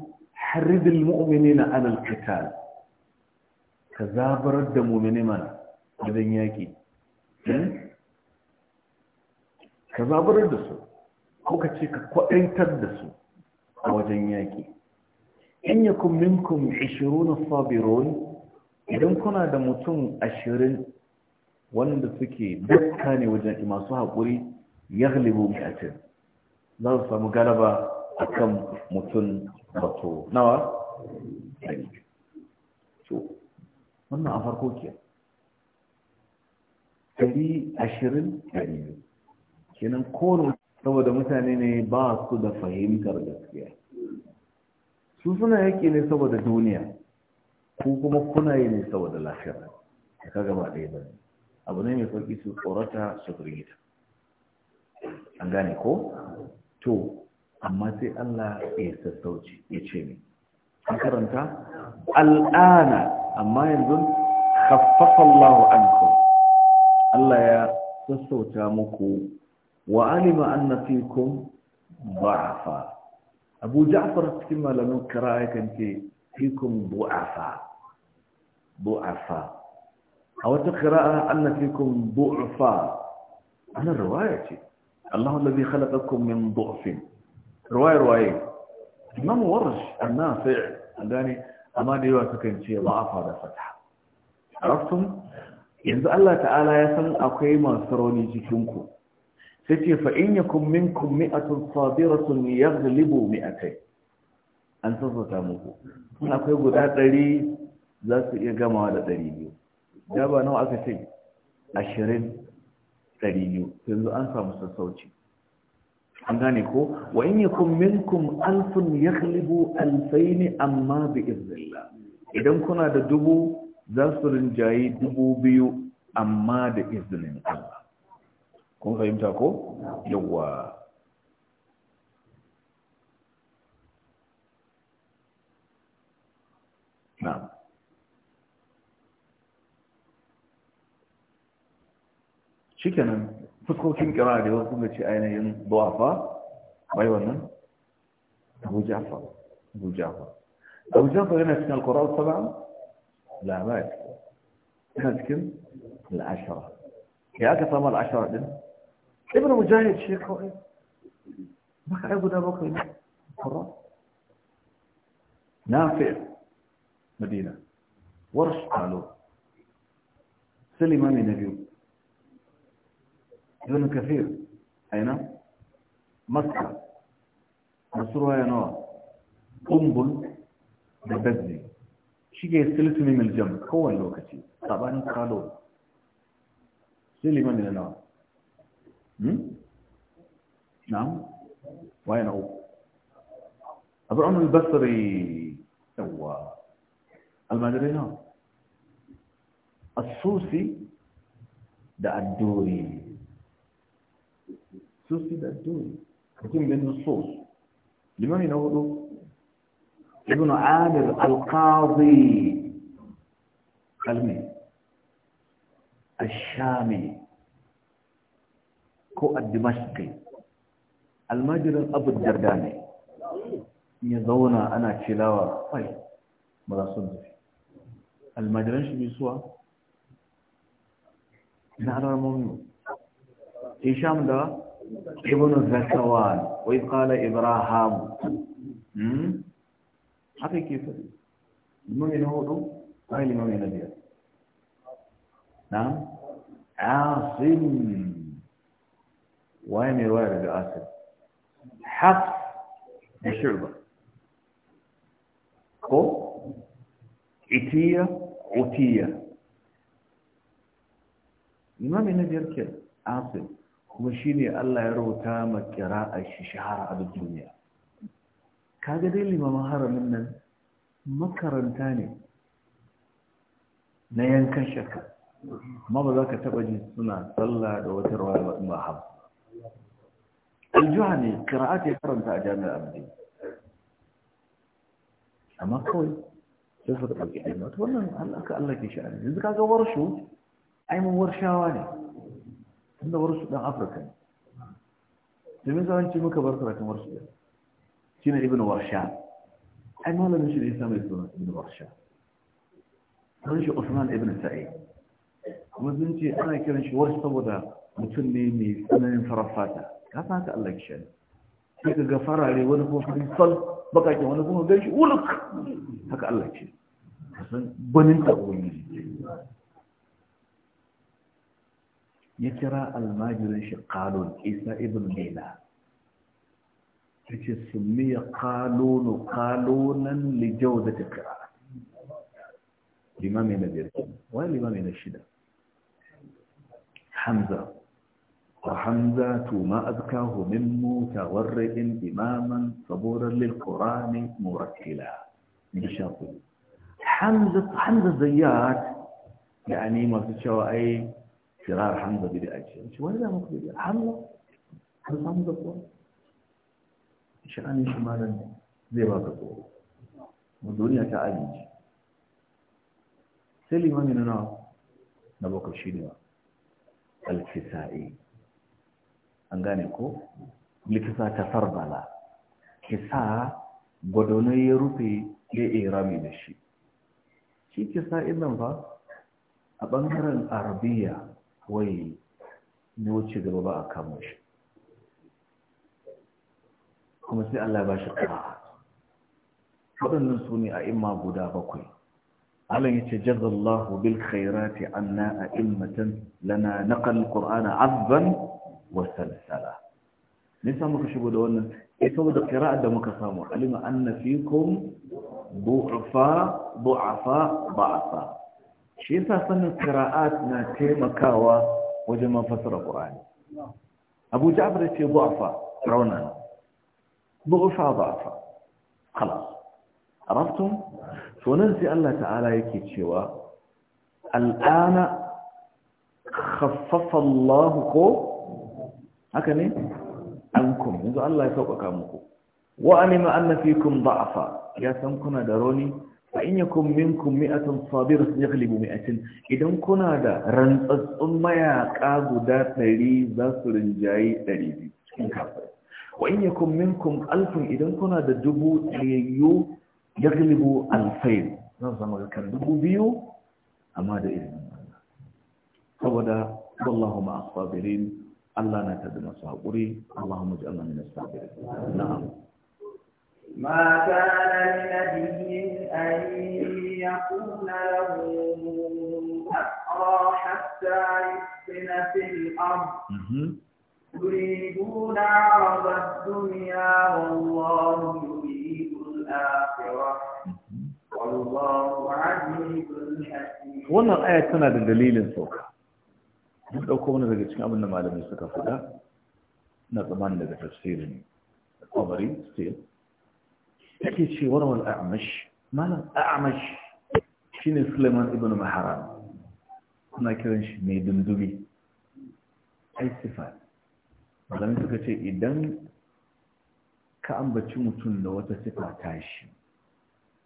harridil mu'minina anil qital ka zabarar da mu'mini mana wajen yaki ka zabarar da su ko ka ce ka kwadantar da su a wajen yaki in yakum minkum 20 sabirun idan kuna da mutum ashirin wanda suke dukka ne wajen masu haƙuri ya galibu mai za su samu galaba akan mutum wato nawa ɗari so wannan a farko ke ɗari ashirin ɗari biyu kenan kowane saboda mutane ne ba su da fahimtar gaskiya su suna yaƙi ne saboda duniya ko kuma kuna yi ne saboda lafiyar? da ka gaba ɗaya ba abu ne mai sauƙi su tsorata su firgita an gane ko to amma sai Allah ya sassauci ya ce ne an karanta al'ana amma yanzu khaffafa Allah Allah ya sassauta muku wa alima anna fikum da'afa Abu Ja'far cikin malamin kira yakan ce fikum du'afa bu'afa. a wata kira'a anna fikum bu'afa. ana riwaya ce Allah alladhi khalaqakum min bu'afin. ruwaye ruwaye imam warsh annafi gane amma da yawa sukan ce ba'afa da fata arabtum yanzu Allah ta'ala ya san akwai masu rauni cikin ku sai ce fa in yakum minkum mi'atun sabiratun yaghlibu mi'atay an sassauta muku akwai guda ɗari za su iya gamawa da ɗari biyu da ba nawa aka ce ashirin ɗari biyu yanzu an samu sassauci an gane ko wa in yakun minkum alfun yaghlibu alfayn amma bi iznillah idan kuna da dubu za su rinjayi dubu biyu amma da izinin Allah kun fahimta ko yawa na'am shikenan فتقول كم كرادي وقم لك أين ضعفة أيوانا أبو جعفر أبو جعفر أبو جعفر هنا سنة القراءة طبعا لا ما يتكلم نتكلم العشرة يا كثم العشرة دين ابن مجاهد شيخ رؤي ما كعبوا ده بقى القراءة نافع مدينة ورش قالوا سلمان نبيه ابن كثير اين مصر مصر هي نوع قنبل ببذني شيء يستلت من الجمع هو اللوكتي طبعا قالوا سليمان من النوع نعم وين هو أبو عمر البصري هو المدري نعم السوسي ده الدوري سوسد الدنيا كتير بين الصوص لمن ينوله ابن عامر القاضي المين الشامي كو الدمشقي المجر أبو الدرداني يضونا أنا كلاوة طيب ماذا صدفي المجران شو بيسوا نعرى المؤمنون هشام ده ابن الزكوان وإذ قال إبراهام حقي كيف المؤمن هو غير المؤمن الذي نعم عاصم وين رواية أبي آسف حفص وشعبة كو عتية عتية المؤمن الذي يركب عاصم kuma shi ne Allah ya rauta ma a shi shahara a duk duniya kaga dai limaman haramin nan makaranta ne na yankan shakka amma ba za ka taɓa ji suna sallah da wata rawa ba hab aljuha ne kira'at ya karanta a jami'ar abdi amma kawai sai su ɗauki ɗaya wannan aka Allah ke sha'ani yanzu kaga warshu ai mun warshawa ne tunda warshi dan afirka ne domin zamanci muka bar karatun warshi ɗin shi ne ibn warsha ai malamin shi ne ya samu suna ibn warsha sun shi usman ibn sa'id kuma sun ce ana kiran shi warshi saboda mutum ne mai tsananin farar fata ka san haka Allah ki shani sai ka ga farare wani kuma farin sal bakakin wani kuma gan shi uluk haka Allah ce kasan gwanin ta ubangiji يترى الماجرشي قالون إيسا ابن ليلى فكي سمي قالون قالونا لجودة القراءة الإمام النبير والإمام النشدة حمزة وحمزة ما أذكاه من متورئ إماما صبورا للقرآن مرتلا من شاطئ حمزة حمزة زيات يعني ما تشوى أي firar hamza bi da ake shi wani zama ku da hamza har samu da kuwa yi shi malam zai baka tsoro mun duniya ta abinci sai limami na nawa na baka shi ne ba. alkisa'i an gane ko likisa ta farbala kisa gwadonai ya rufe ya irami da shi shi kisa idan ba a ɓangaren arabiya wai ne wuce gaba ba a kama shi kuma sai Allah ba shi ƙara waɗannan su ne a imma guda bakwai Allah ya ce jazallahu bil khairati anna a immatan lana naqal qur'ana azban wa salsala nisa muka shigo da wannan eh saboda qira'a da muka samu alima anna fikum du'afa du'afa ba'afa shi yasa sanin qira'at na taimakawa wajen mafassara ƙur'ani. abu ja'far ce bu afa rauna bu afa ba afa خلاص عرفتم فنن سي الله تعالى yake cewa الان خفف الله كو haka ne ankum yanzu Allah ya sauƙaƙa muku wa anima anna fikum da'afa ya san kuna da rauni? fa in yakum minkum mi'atun sabirun yaghlibu mi'atin idan kuna da rantsatsun mayaka guda 100 za su rinjayi 200 cikin kafirai wa in yakum minkum alfun idan kuna da dubu tsayayyu yaghlibu alfayn zan zama kan dubu biyu amma da izinin Allah saboda wallahu ma as Allah na tada masu haƙuri Allahumma ij'alna min as-sabirin na'am ما كان لنبي أن يكون له أسرى حتى يسكن في الأرض يريدون عرض الدنيا والله يريد الآخرة wannan aya tana da dalilin sauka Duk ɗauko wani daga cikin abin da malamai suka faɗa na tsammanin daga tafsirin kwamari still yake ce wani a'amash malam a'amash ne Suleiman ibn maharam kuna kiran shi mai dundubi ai sifa malamin suka ce idan ka ambaci mutum da wata sifa ta shi,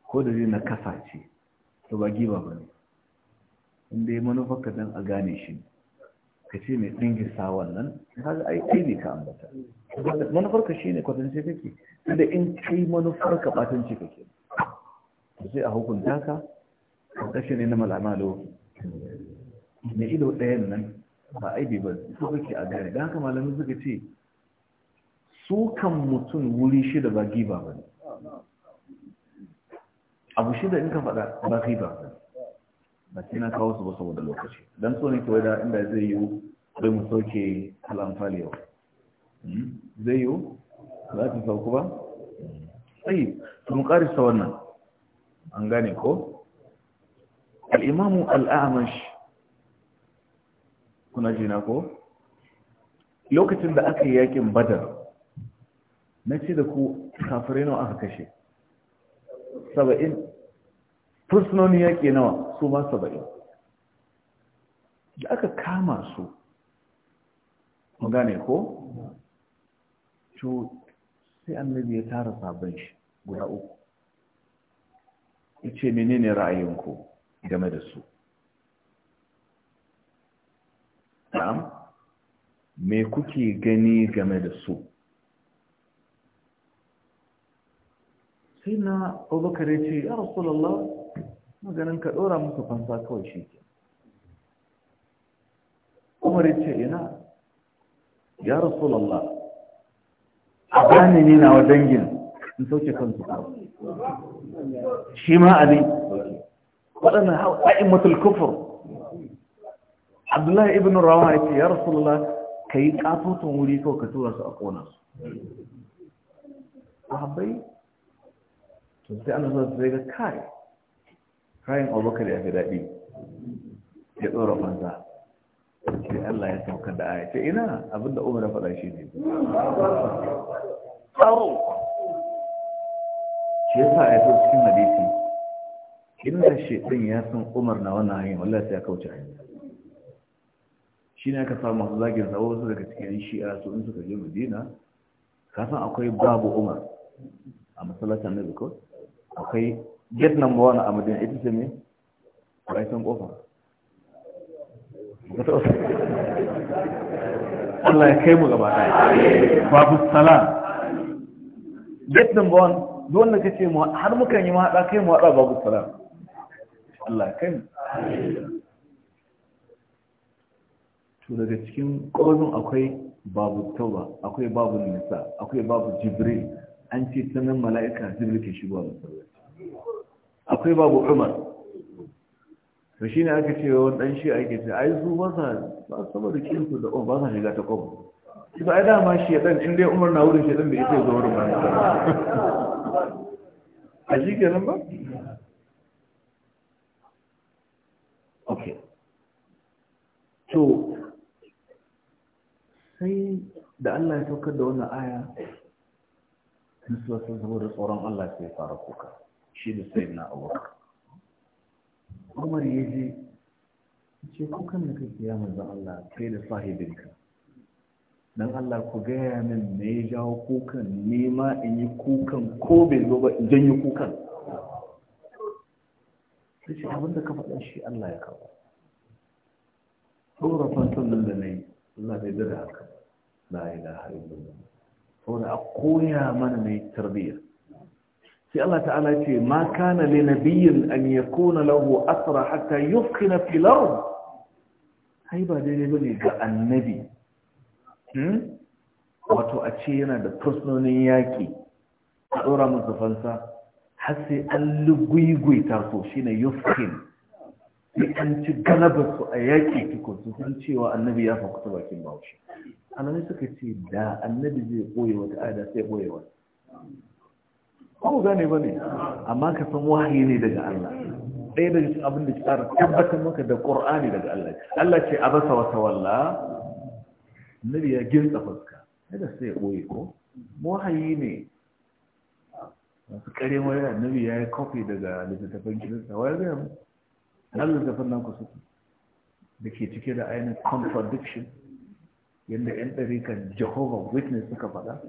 ko da zai na kasa ce to ba giba ne inda ya manufarka don a gane shi ka ce mai ɗin hisa wannan kaga ai ai ne ka ambata manufar ka shine kwatance kake inda in kai manufar ka batance kake sai a hukunta ka kashi ne na malamalo ne ido ɗayan nan ba aibi ba su kake a gane da haka malamin suka ce sukan mutum wuri shida ba giba ba ne abu shida in ka faɗa ba giba ba ba sai na kawo su ba saboda lokaci don so ne kawai da inda zai yiwu zai mu sauke al'amfal yau hmm? zai yiwu za ta sauku ba sai mu karisa wannan an gane ko al'imamu al'amash kuna jina ko lokacin da aka yi yakin badar na ce da ku kafirai nawa aka kashe saba'in fursunonin yaƙi nawa su ma saba'in da aka kama su mu gane ko? sai annabi ya tara sabon shi guda uku ya ce menene ra'ayinku game da su na'am me kuke gani game da su sai na abubakar ya ce ya rasulallah maganin ka ɗora musu fansa kawai shi ke umar ya ce ina ya rasulallah a bani ne na wa dangin in sauke kansu shi ma ali waɗannan ha'in mutul abdullahi ibn rawa ya ce ya rasulallah ka yi ƙatoton wuri kawai ka tura su a ƙona su sahabbai to sai ana zo sai ga kai kayan abubakar ya fi daɗi ya tsoro banza sai Allah ya sauka da aya ce ina abinda umar faɗa shi ne tsaro shi yasa ya cikin hadisi inda din ya san umar na wannan hanyar wallahi sai ya kauce hanyar shi ne aka samu masu zagin sa su daga cikin shi'a su in suka je madina kasan akwai babu umar a masallacin na ko akwai gate number one a madina ita ce ne ƙarfin kofa Allah ya kai mu gaba ɗaya babu sala gate number one duk wanda kace mu har mukan yi mahaɗa kai mu haɗa babu sala Allah ya kai mu to daga cikin ƙozin akwai babu tauba akwai babu nisa akwai babu jibril an ce sanin mala'ika jibril ke shigowa musamman akwai babu umar to shi ne aka ce wani ɗan shi ake ce ai su ba sa ba saboda kinsu da ba sa shiga ta kwam shi ba ai dama shi ya ɗan in dai umar na wurin shi ɗan bai ita zo wurin ba a shi nan ba ok to sai da Allah ya saukar da wannan aya sun suwa sun saboda tsoron Allah sai fara kuka shi da sai na abubakar umar ya je ce kukan da kake ya manzan Allah kai da sahibinka dan Allah ku gaya min me ya jawo kukan nema in yi kukan ko bai zo ba idan yi kukan sai ce abinda ka faɗa shi Allah ya kawo fantan nan da na yi Allah bai zira haka la ilaha illallah saboda a koya mana na yi tarbiyya sai Allah ta'ala ce ma kana li nabiyyin an yakuna lahu asra hatta yufkhina fil ard ai ba daidai bane ga annabi hmm wato a ce yana da fursunonin yaki a dora musu fansa har sai an lugwigwita so shine yufkin sai an ci galabar su a yaki tukun su san cewa annabi ya fa kusa bakin bahaushe alamai suka ce da annabi zai boye wata ada sai boye wata ko gane ba ne amma ka san wahayi ne daga Allah ɗaya daga cikin abin da ke ƙara tabbatar maka da ƙur'ani daga Allah Allah ce a basa wata walla nabi ya girka fuska yadda sai ya ɓoye ko wahayi ne masu ƙare wani Nabi ya yi kofi daga littattafan kirista wayar gaya mu har littattafan nan ku suke da ke cike da ainihin contradiction yadda 'yan ɗari kan jehovah witness suka faɗa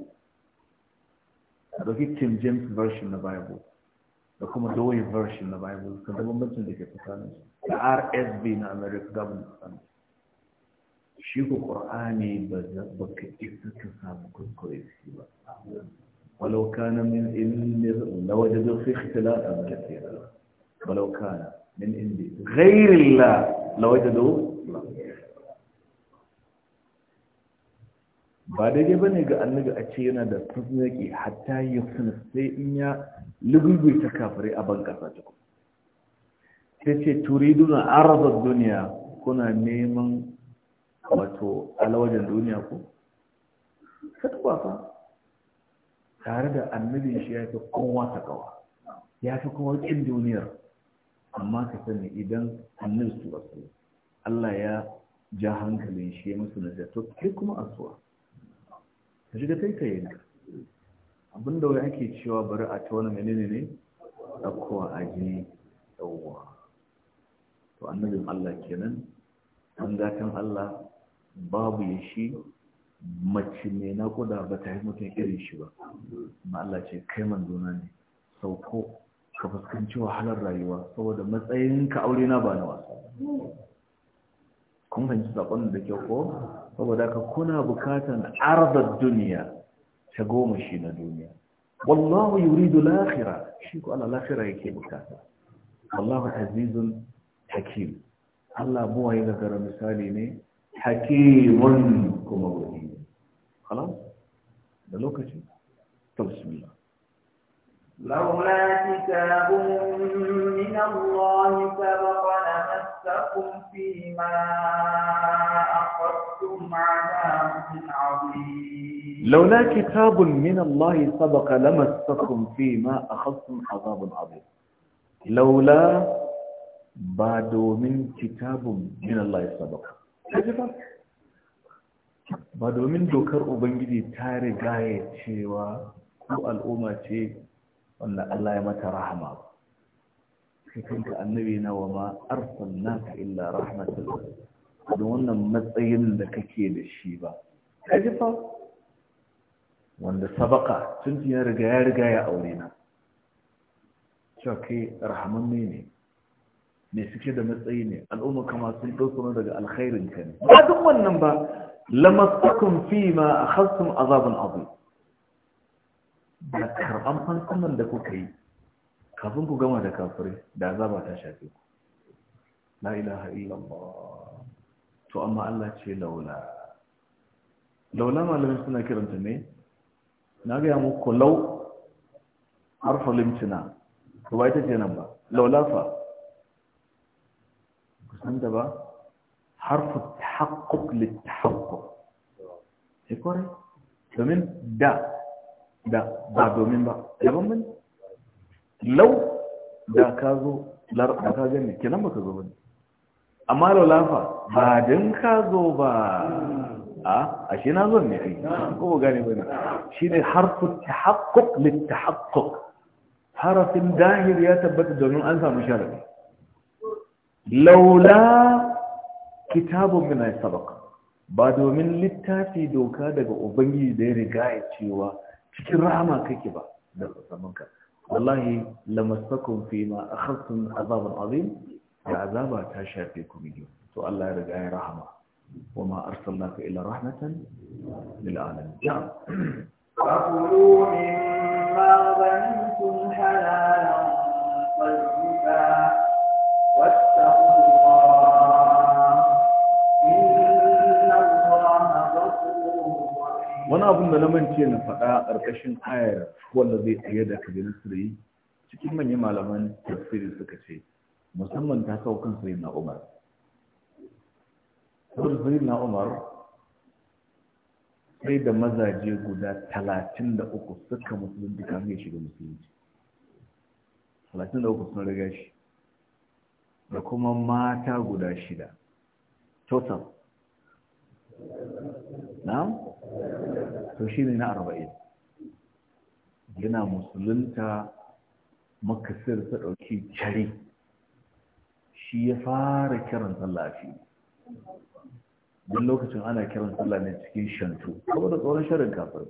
the King James version na Bible da kuma Doyle version na Bible kan da bambancin da ke tsakanin da RSV na America ga mun tsakanin shi ko Qur'ani ba za ba ka isa ka samu kuskure shi ba ولو كان من عند لوجدوا فيه اختلافا كثيرا ولو كان من عند غير الله لوجدوا ba daidai ba ne ga annabi a ce yana da tsatsaki hatta yin suna sai in ya lugugu ta kafirai a ban kasa cikin sai ce duna arazar duniya kuna neman wato alawajen duniya ko satuwa fa tare da annabi shi ya fi kowa ta kawa ya fi kowa ƙin duniyar amma ka sani idan annabi su Allah ya ja hankalin shi ya musu nasiha to kai kuma asuwa ka shiga kai ka ne abinda wai ake cewa bari a ta wani menene ne ɗaukowa aji ɗauwa to annabin Allah kenan an gatan Allah babu ya shi mace mai naƙuda ba ta yi mutum irin shi ba Amma Allah ce kai manzona ne sauko ka fuskanci wahalar rayuwa saboda matsayinka aure na ba na wasa kun fahimci saƙon da kyau ko saboda ka kuna bukatan arzar duniya ta goma shi na duniya wallahu yuridu lakhira shi ko Allah lakhira yake bukata wallahu azizun hakim Allah buwaye da gara misali ne hakimun kuma wani خلاص ده لوكاشي طب بسم الله لولا كتاب من الله سبقنا لكم فيما أخذتم عذاب عظيم لولا كتاب من الله سبق لمسكم فيما أخذتم عذاب عظيم لولا بعد من كتاب من الله سبق ba domin dokar ubangiji ta riga ya cewa ko al'umma ce wanda Allah ya mata rahama ba kai annabi na wa ma arsalnaka illa rahmatan da wannan matsayin da kake da shi ba kaji fa wanda sabaka tun ya riga ya riga ya aure na cewa kai ne ne suke da matsayi ne al'umma kama sun ɗauko daga alkhairin ka ne ba duk wannan ba lamassakum fi ma akhadtum azabin abu. da karɓan fansaman da kuka yi kafin ku gama da kafirai da azaba ta shafe ku la ilaha illallah to amma Allah ce laula laula malamin suna kiranta ne na ga mu ku lau harfa limtina ko ba ita ce nan ba laula fa kusan da ba harfu tahaqquq litahaqquq sai eh, kore domin da da ba domin ba yaban mun lau da ka zo da ka gani kenan baka zo bane amma lafa ba don ka zo ba a ashe na zo ne ai ko gane bane shine harfu tahaqqq litahaqquq harafin dahir ya tabbata domin an samu sharadi laula kitabun min sabaq ba domin littafi doka daga ubangiji da ya riga ya cewa cikin rama kake ba da samanka والله لمسكم فيما أخذتم عذاب عظيم عذابا فيكم اليوم سؤال الله يرجع رحمة وما أرسلناك إلا رحمة للعالمين نعم فكلوا مما غنمتم حلالا طيبا واتقوا wani abun da na mance na faɗa ƙarƙashin ayar wanda zai tsaye da kaji nasiri cikin manyan malaman tafsirin suka ce musamman ta kawo kan sayi na umar saboda na umar sai da mazaje guda talatin da uku suka musulunci kamar ya shiga musulunci talatin da uku sun riga shi da kuma mata guda shida total na'am to shi ne na arba'in yana musulunta makasir ta ɗauki cari shi ya fara kiran sallah shi don lokacin ana kiran sallah ne cikin shantu da tsoron shirin kafin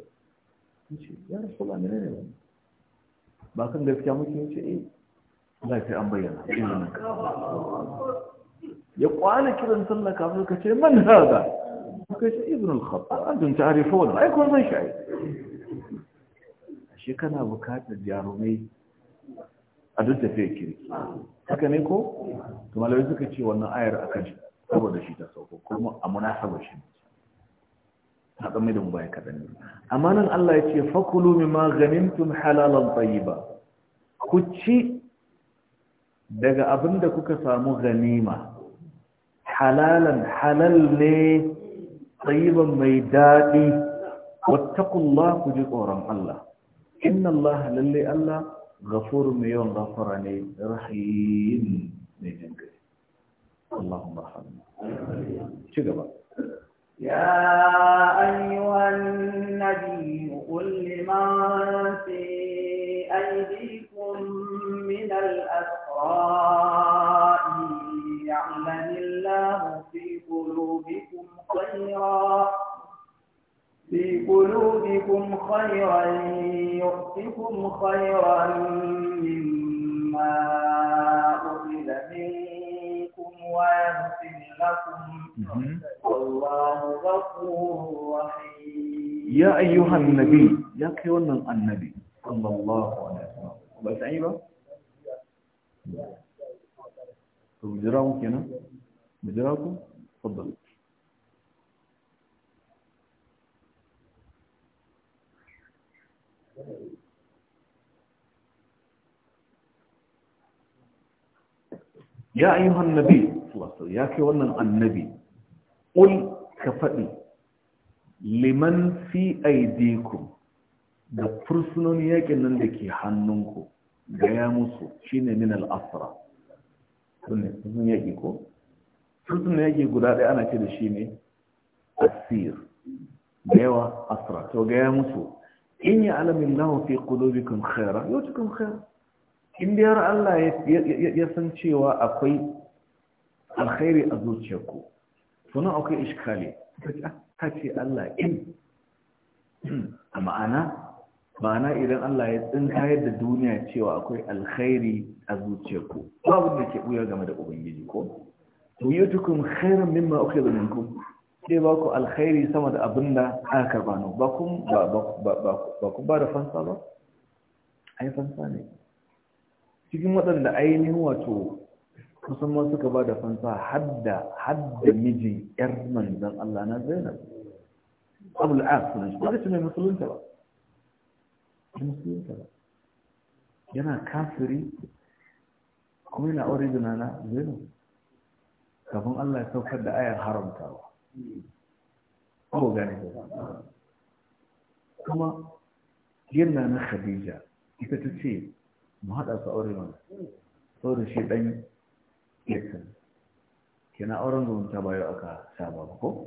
ya rasu ba ne ne ba kan gaskiya mutum ce eh. e. lafi an bayyana ya kwana kiran sallah kafin ka ce man ba. kuka ce ibn bukatar jarumai haka ne ko suka ce wannan ayar akan shi saboda shi ta sauko kuma a munasabar shi tsammai da mu baya kaɗan ne amma nan Allah ya ce fakulu maganin ganimtum halalan ba ku ci daga abin da kuka samu ganima halalan halal ne طيباً ميداني واتقوا الله كجيكو رم الله إن الله للي الله غفور ميون غفرني رحيم ميجن اللهم رحمنا شكرا يا أيها النبي قل لمن في أيديكم من الأسراء يعلم الله في قلوبكم خيرا في قلوبكم خيرا يؤتكم خيرا مما أخذ منكم ويغفر لكم والله غفور رحيم يا أيها النبي يا كيون النبي صلى الله عليه وسلم بس عيبة طب جراكم كنا تفضل ya ayyuhan nabi ya kai wannan annabi ƙul ka faɗi liman fi aidikum da fursunan yakin nan da ke hannunku gaya musu shine min al'asra sun yaƙi ko? fursunan yaƙi guda ɗaya ana ce da shi ne asir da yawa asra to gaya musu in ya alamin lahu fi qulubikum khaira yutukum khaira in biyar Allah ya san cewa akwai alkhairi a zuciya ku. sunan akwai iskali ta ce Allah in a ma'ana ma'ana idan Allah ya tsinkayar da duniya cewa akwai alkhairi a zuciya zuciyarku babu da ke buya game da ubangiji ko to yi tukun khairan mimma ukhidha minkum zai ba ku alkhairi sama da abin da aka gano ba ku ba da fansa ba ai fansa ne cikin waɗanda ainihin wato musamman suka ba da fansa hadda hadda mijin yar manzan Allah na zainab abul as sunan shi ba mai musulunta ba musulunta ba yana kafiri kuma yana aure da nana zainab kafin Allah ya saukar da ayar haramtawa kuma girna na khadija ita ta ce mu haɗa su aure mana saboda shi ɗan yasin kina auren zumunta bayo aka saba ko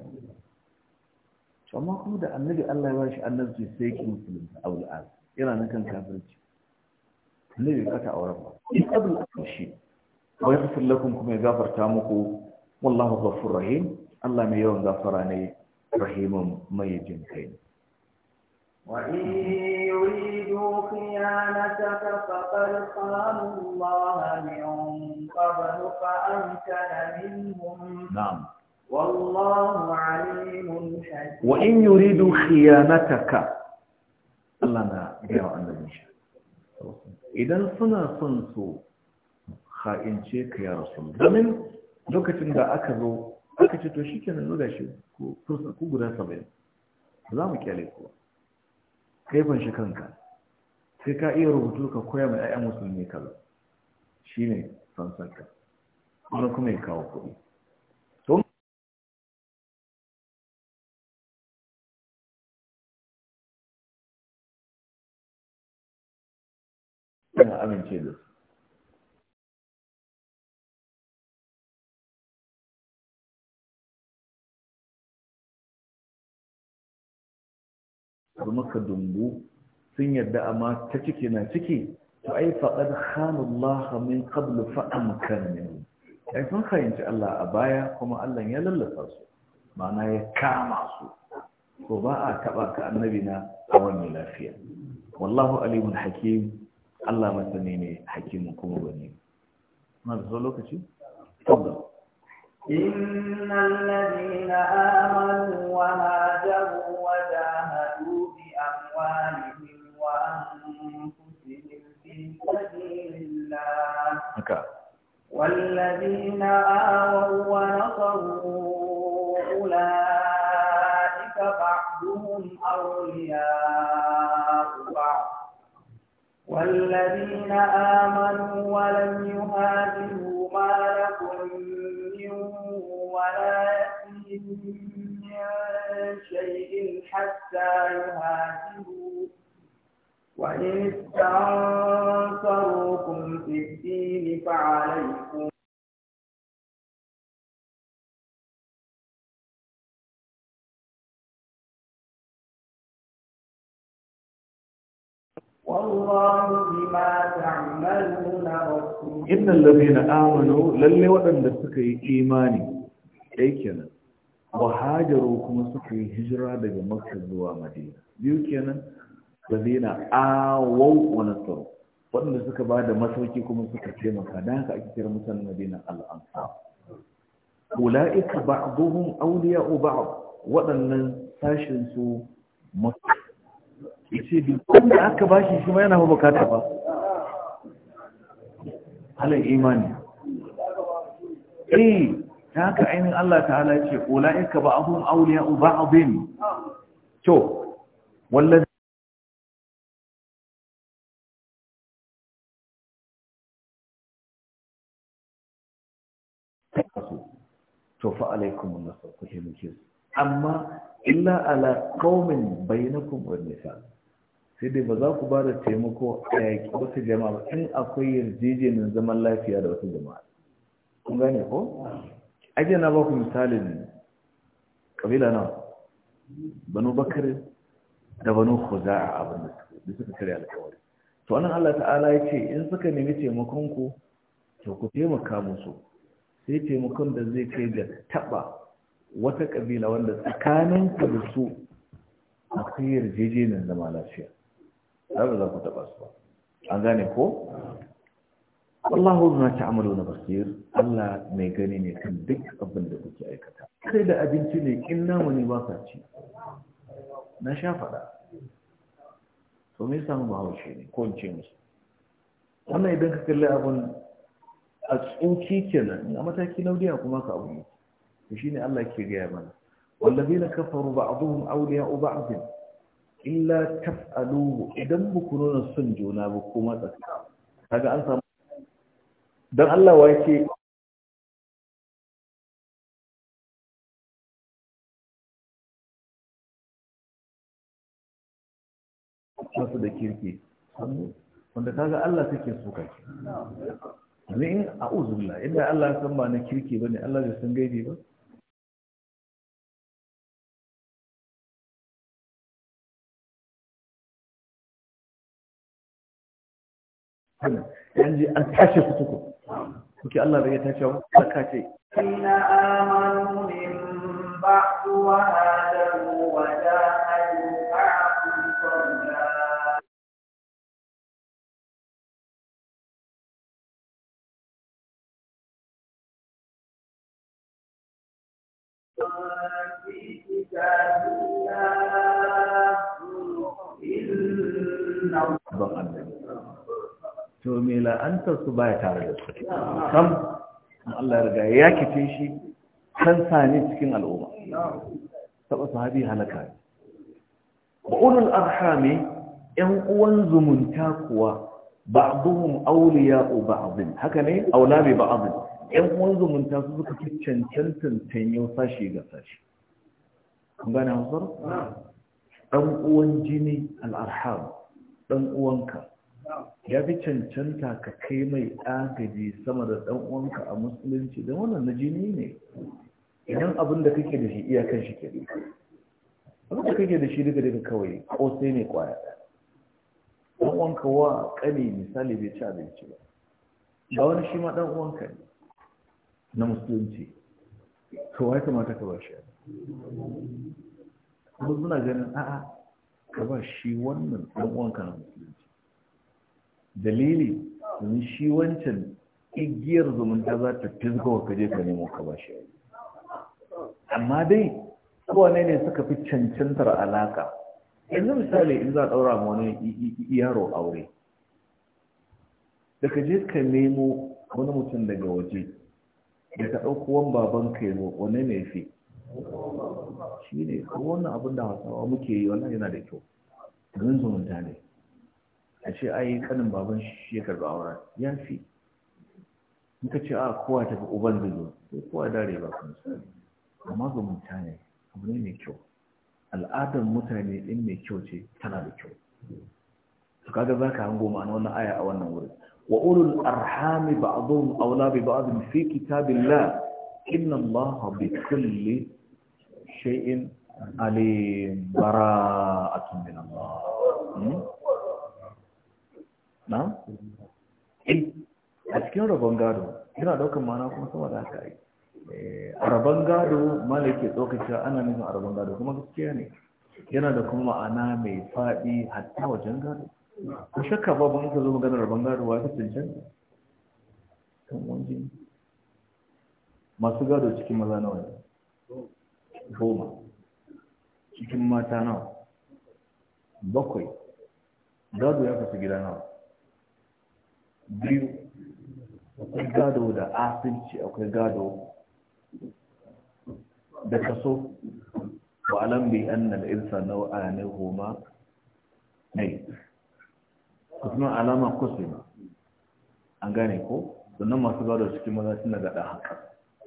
amma kuma da annabi Allah ya ba shi sai ki musulunta abul az yana nan kan kafirci annabi ka ta auren ba in kuma ya gafarta muku wallahu الله ما يوم غفراني رحيم ما mai وإن يريدوا خيانتك فقد خانوا الله من قبل فأمكن منهم نعم والله عليم حكيم وإن يريدوا خيانتك الله ما جاء عن إذا صنع صنصو خائن شيك يا رسول الله من لوكة إذا أكذوا aka ce to shi kenan nuna shi ku guda saba'in za mu kyale kuwa kai ban shi kanka sai ka iya rubutu ka koya mai ayyan musulmi kaza shi ne sansanka wani kuma ya kawo kuɗi amince da su kuma maka dumbu sun yadda amma ta ciki na ciki to ai faɗar hannullaha min qablu fa'am karnin ai sun fahimci Allah a baya kuma Allah ya lallasa su mana ya kama su ko ba a taɓa ka annabi na a wannan lafiya wallahu alimun hakim Allah masani ne hakimin kuma bane na da lokaci tabbata إن الذين آمنوا وهاجروا أموالهم وأنفسهم في سبيل الله والذين آووا ونصروا أولئك بعضهم أولياء بعض والذين آمنوا ولم يهاجروا ما لكم من ولايتهم من شيء حتى يهاجروا وإن استنصروكم في الدين فعليكم inna amanu lalle waɗanda suka yi imani, ɗai kenan, wa hajaru kuma suka yi hijira daga makka zuwa madina biyu kenan lazina awau wani nasaru waɗanda suka ba da masauki kuma suka taimaka Da haka ake kira mutanen madina al'amsa ula'ika ba'duhum awliya'u ba'd waɗannan sashen su makka ce bi kuma aka bashi shi ma yana bukata ba halin imani eh, ta haka ainihin Allah ta'ala ce ula'ika ba'dhum awliya'u ba'dhin to wallazi to fa alaikum nasr ku taimake su amma illa ala qaumin bainakum wa nisa sai dai ba za ku ba da taimako a yaƙi wasu jama'a in akwai yarjejeniyar zaman lafiya da wasu jama'a kun gane ko ajiya na ba ku misalin ƙabila na banu bakar da banu huza a abin da suka karya alkawari to anan Allah ta'ala ya ce in suka nemi taimakon ku to ku taimaka musu sai taimakon da zai kai da taɓa wata ƙabila wanda tsakanin ku da su akwai yarjejeniyar zama lafiya za ku taɓa su ba an gane ko wallahu ma ta'maluna basir Allah mai gani ne kan duk abin da kuke aikata kai da abinci ne kin namu ne ba ka ci na sha fada to me yasa mu haushi ne ko in ce musu wannan idan ka kalli abun a tsinki kenan a mataki na wuya kuma ka abu to shine Allah ke gaya mana wallazina kafaru ba'dhum awliya'u ba'd illa taf'aluhu idan buku nuna son juna ba kuma tsaka kaga an samu don Allah wa yake masu da kirki wanda ga Allah take suka kake ne a a'udzubillah inda Allah ya san ba na kirki ba ne Allah bai san gaibi ba an an tashi kuke Allah bai tace cewa saka ce inna amanu min ba'du wa hadu wa ja'alu to mai la'antar su baya tare da su sam Allah ya ya kice shi kan sani cikin al'umma saba sahabi halaka wa ulul arhami yan uwan zumunta kuwa ba'dhum awliya'u ba'd haka ne aula ba ba'd yan uwan zumunta su suka fi cancantan tanyo sashi ga sashi kun hausar? dan uwan jini al'arham dan uwanka ya fi cancanta ka kai mai agaji sama da dan uwanka a musulunci don wannan na jini ne idan abin da kake da shi kan shi ke abin da kake da shi daga daga kawai ko sai ne kwaya dan uwanka wa kani misali bai ci abinci ba ba wani shi ma dan uwanka ne na musulunci to wai kamata ka ba shi kuma suna ganin a'a ka ba shi wannan dan uwanka na musulunci dalili sun shi wancan igiyar zumunta za ta fizgo ka je ka nemo ka ba shi amma dai kowane ne suka fi cancantar alaka yanzu misali in za a ɗaura ma wani yaro aure da ka je ka nemo wani mutum daga waje da ka ɗauko baban ka yi wane ne fi shi ne wannan abin da hausawa muke yi wannan yana da kyau Garin zumunta ne a ce ai kanin baban shi ya karba auren ya fi in ka ce a kowa tafi uban zo ko kowa dare ba kuma amma ga mutane abu ne mai kyau al'adar mutane in mai kyau ce tana da kyau su kaga za ka hango ma'ana wannan aya a wannan wurin wa ulul arhami ba'dhum awla bi ba'dhin fi kitabillah inna allaha bi kulli shay'in alim bara'atun min allah hmm? na? Eh, a cikin rabon gado yana daukan mana kuma sama da haka yi eh, a rabon gado yake tsokacin ana nufin a rabon gado kuma gaskiya ne yana da kuma ma'ana mai faɗi hatta wajen gado ku shakka babu in ka zo maganar rabon gado wa fi cancanta kan masu gado cikin maza nawa ne goma cikin mata nawa bakwai gado ya kasu gida nawa biyu akwai gado da asinci akwai gado da kaso wa alam bi anna al-insa naw'ani huma nay kuma alama kusuma an gane ko sannan masu gado cikin maza suna gada haka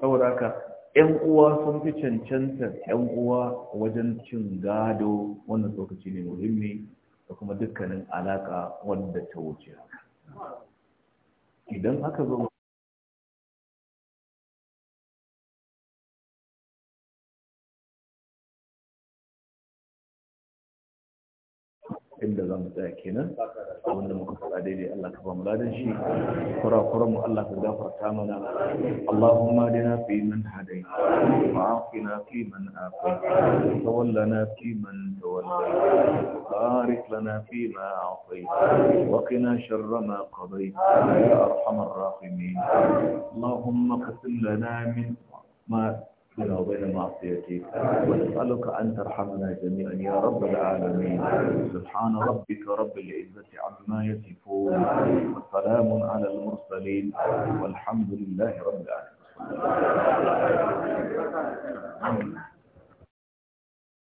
saboda haka ‘yan uwa sun fi cancanta ‘yan uwa wajen cin gado wannan tsokaci ne muhimmi da kuma dukkanin alaka wadda ta wuce haka. idan aka zo inda za mu tsaya kenan wanda muka faɗa daidai Allah ka ba mu ladan shi kura mu Allah ka gafarta mana Allahumma dina fi man hadai wa afina fi man afai tawallana fi man ta tawallai barik lana fi ma a'tai wa qina sharra ma qadai ya arhamar rahimin Allahumma qasim lana min ما بيننا وبين معصيتك ونسألك أن ترحمنا جميعا يا رب العالمين سبحان ربك رب العزة عما يصفون وسلام على المرسلين والحمد لله رب العالمين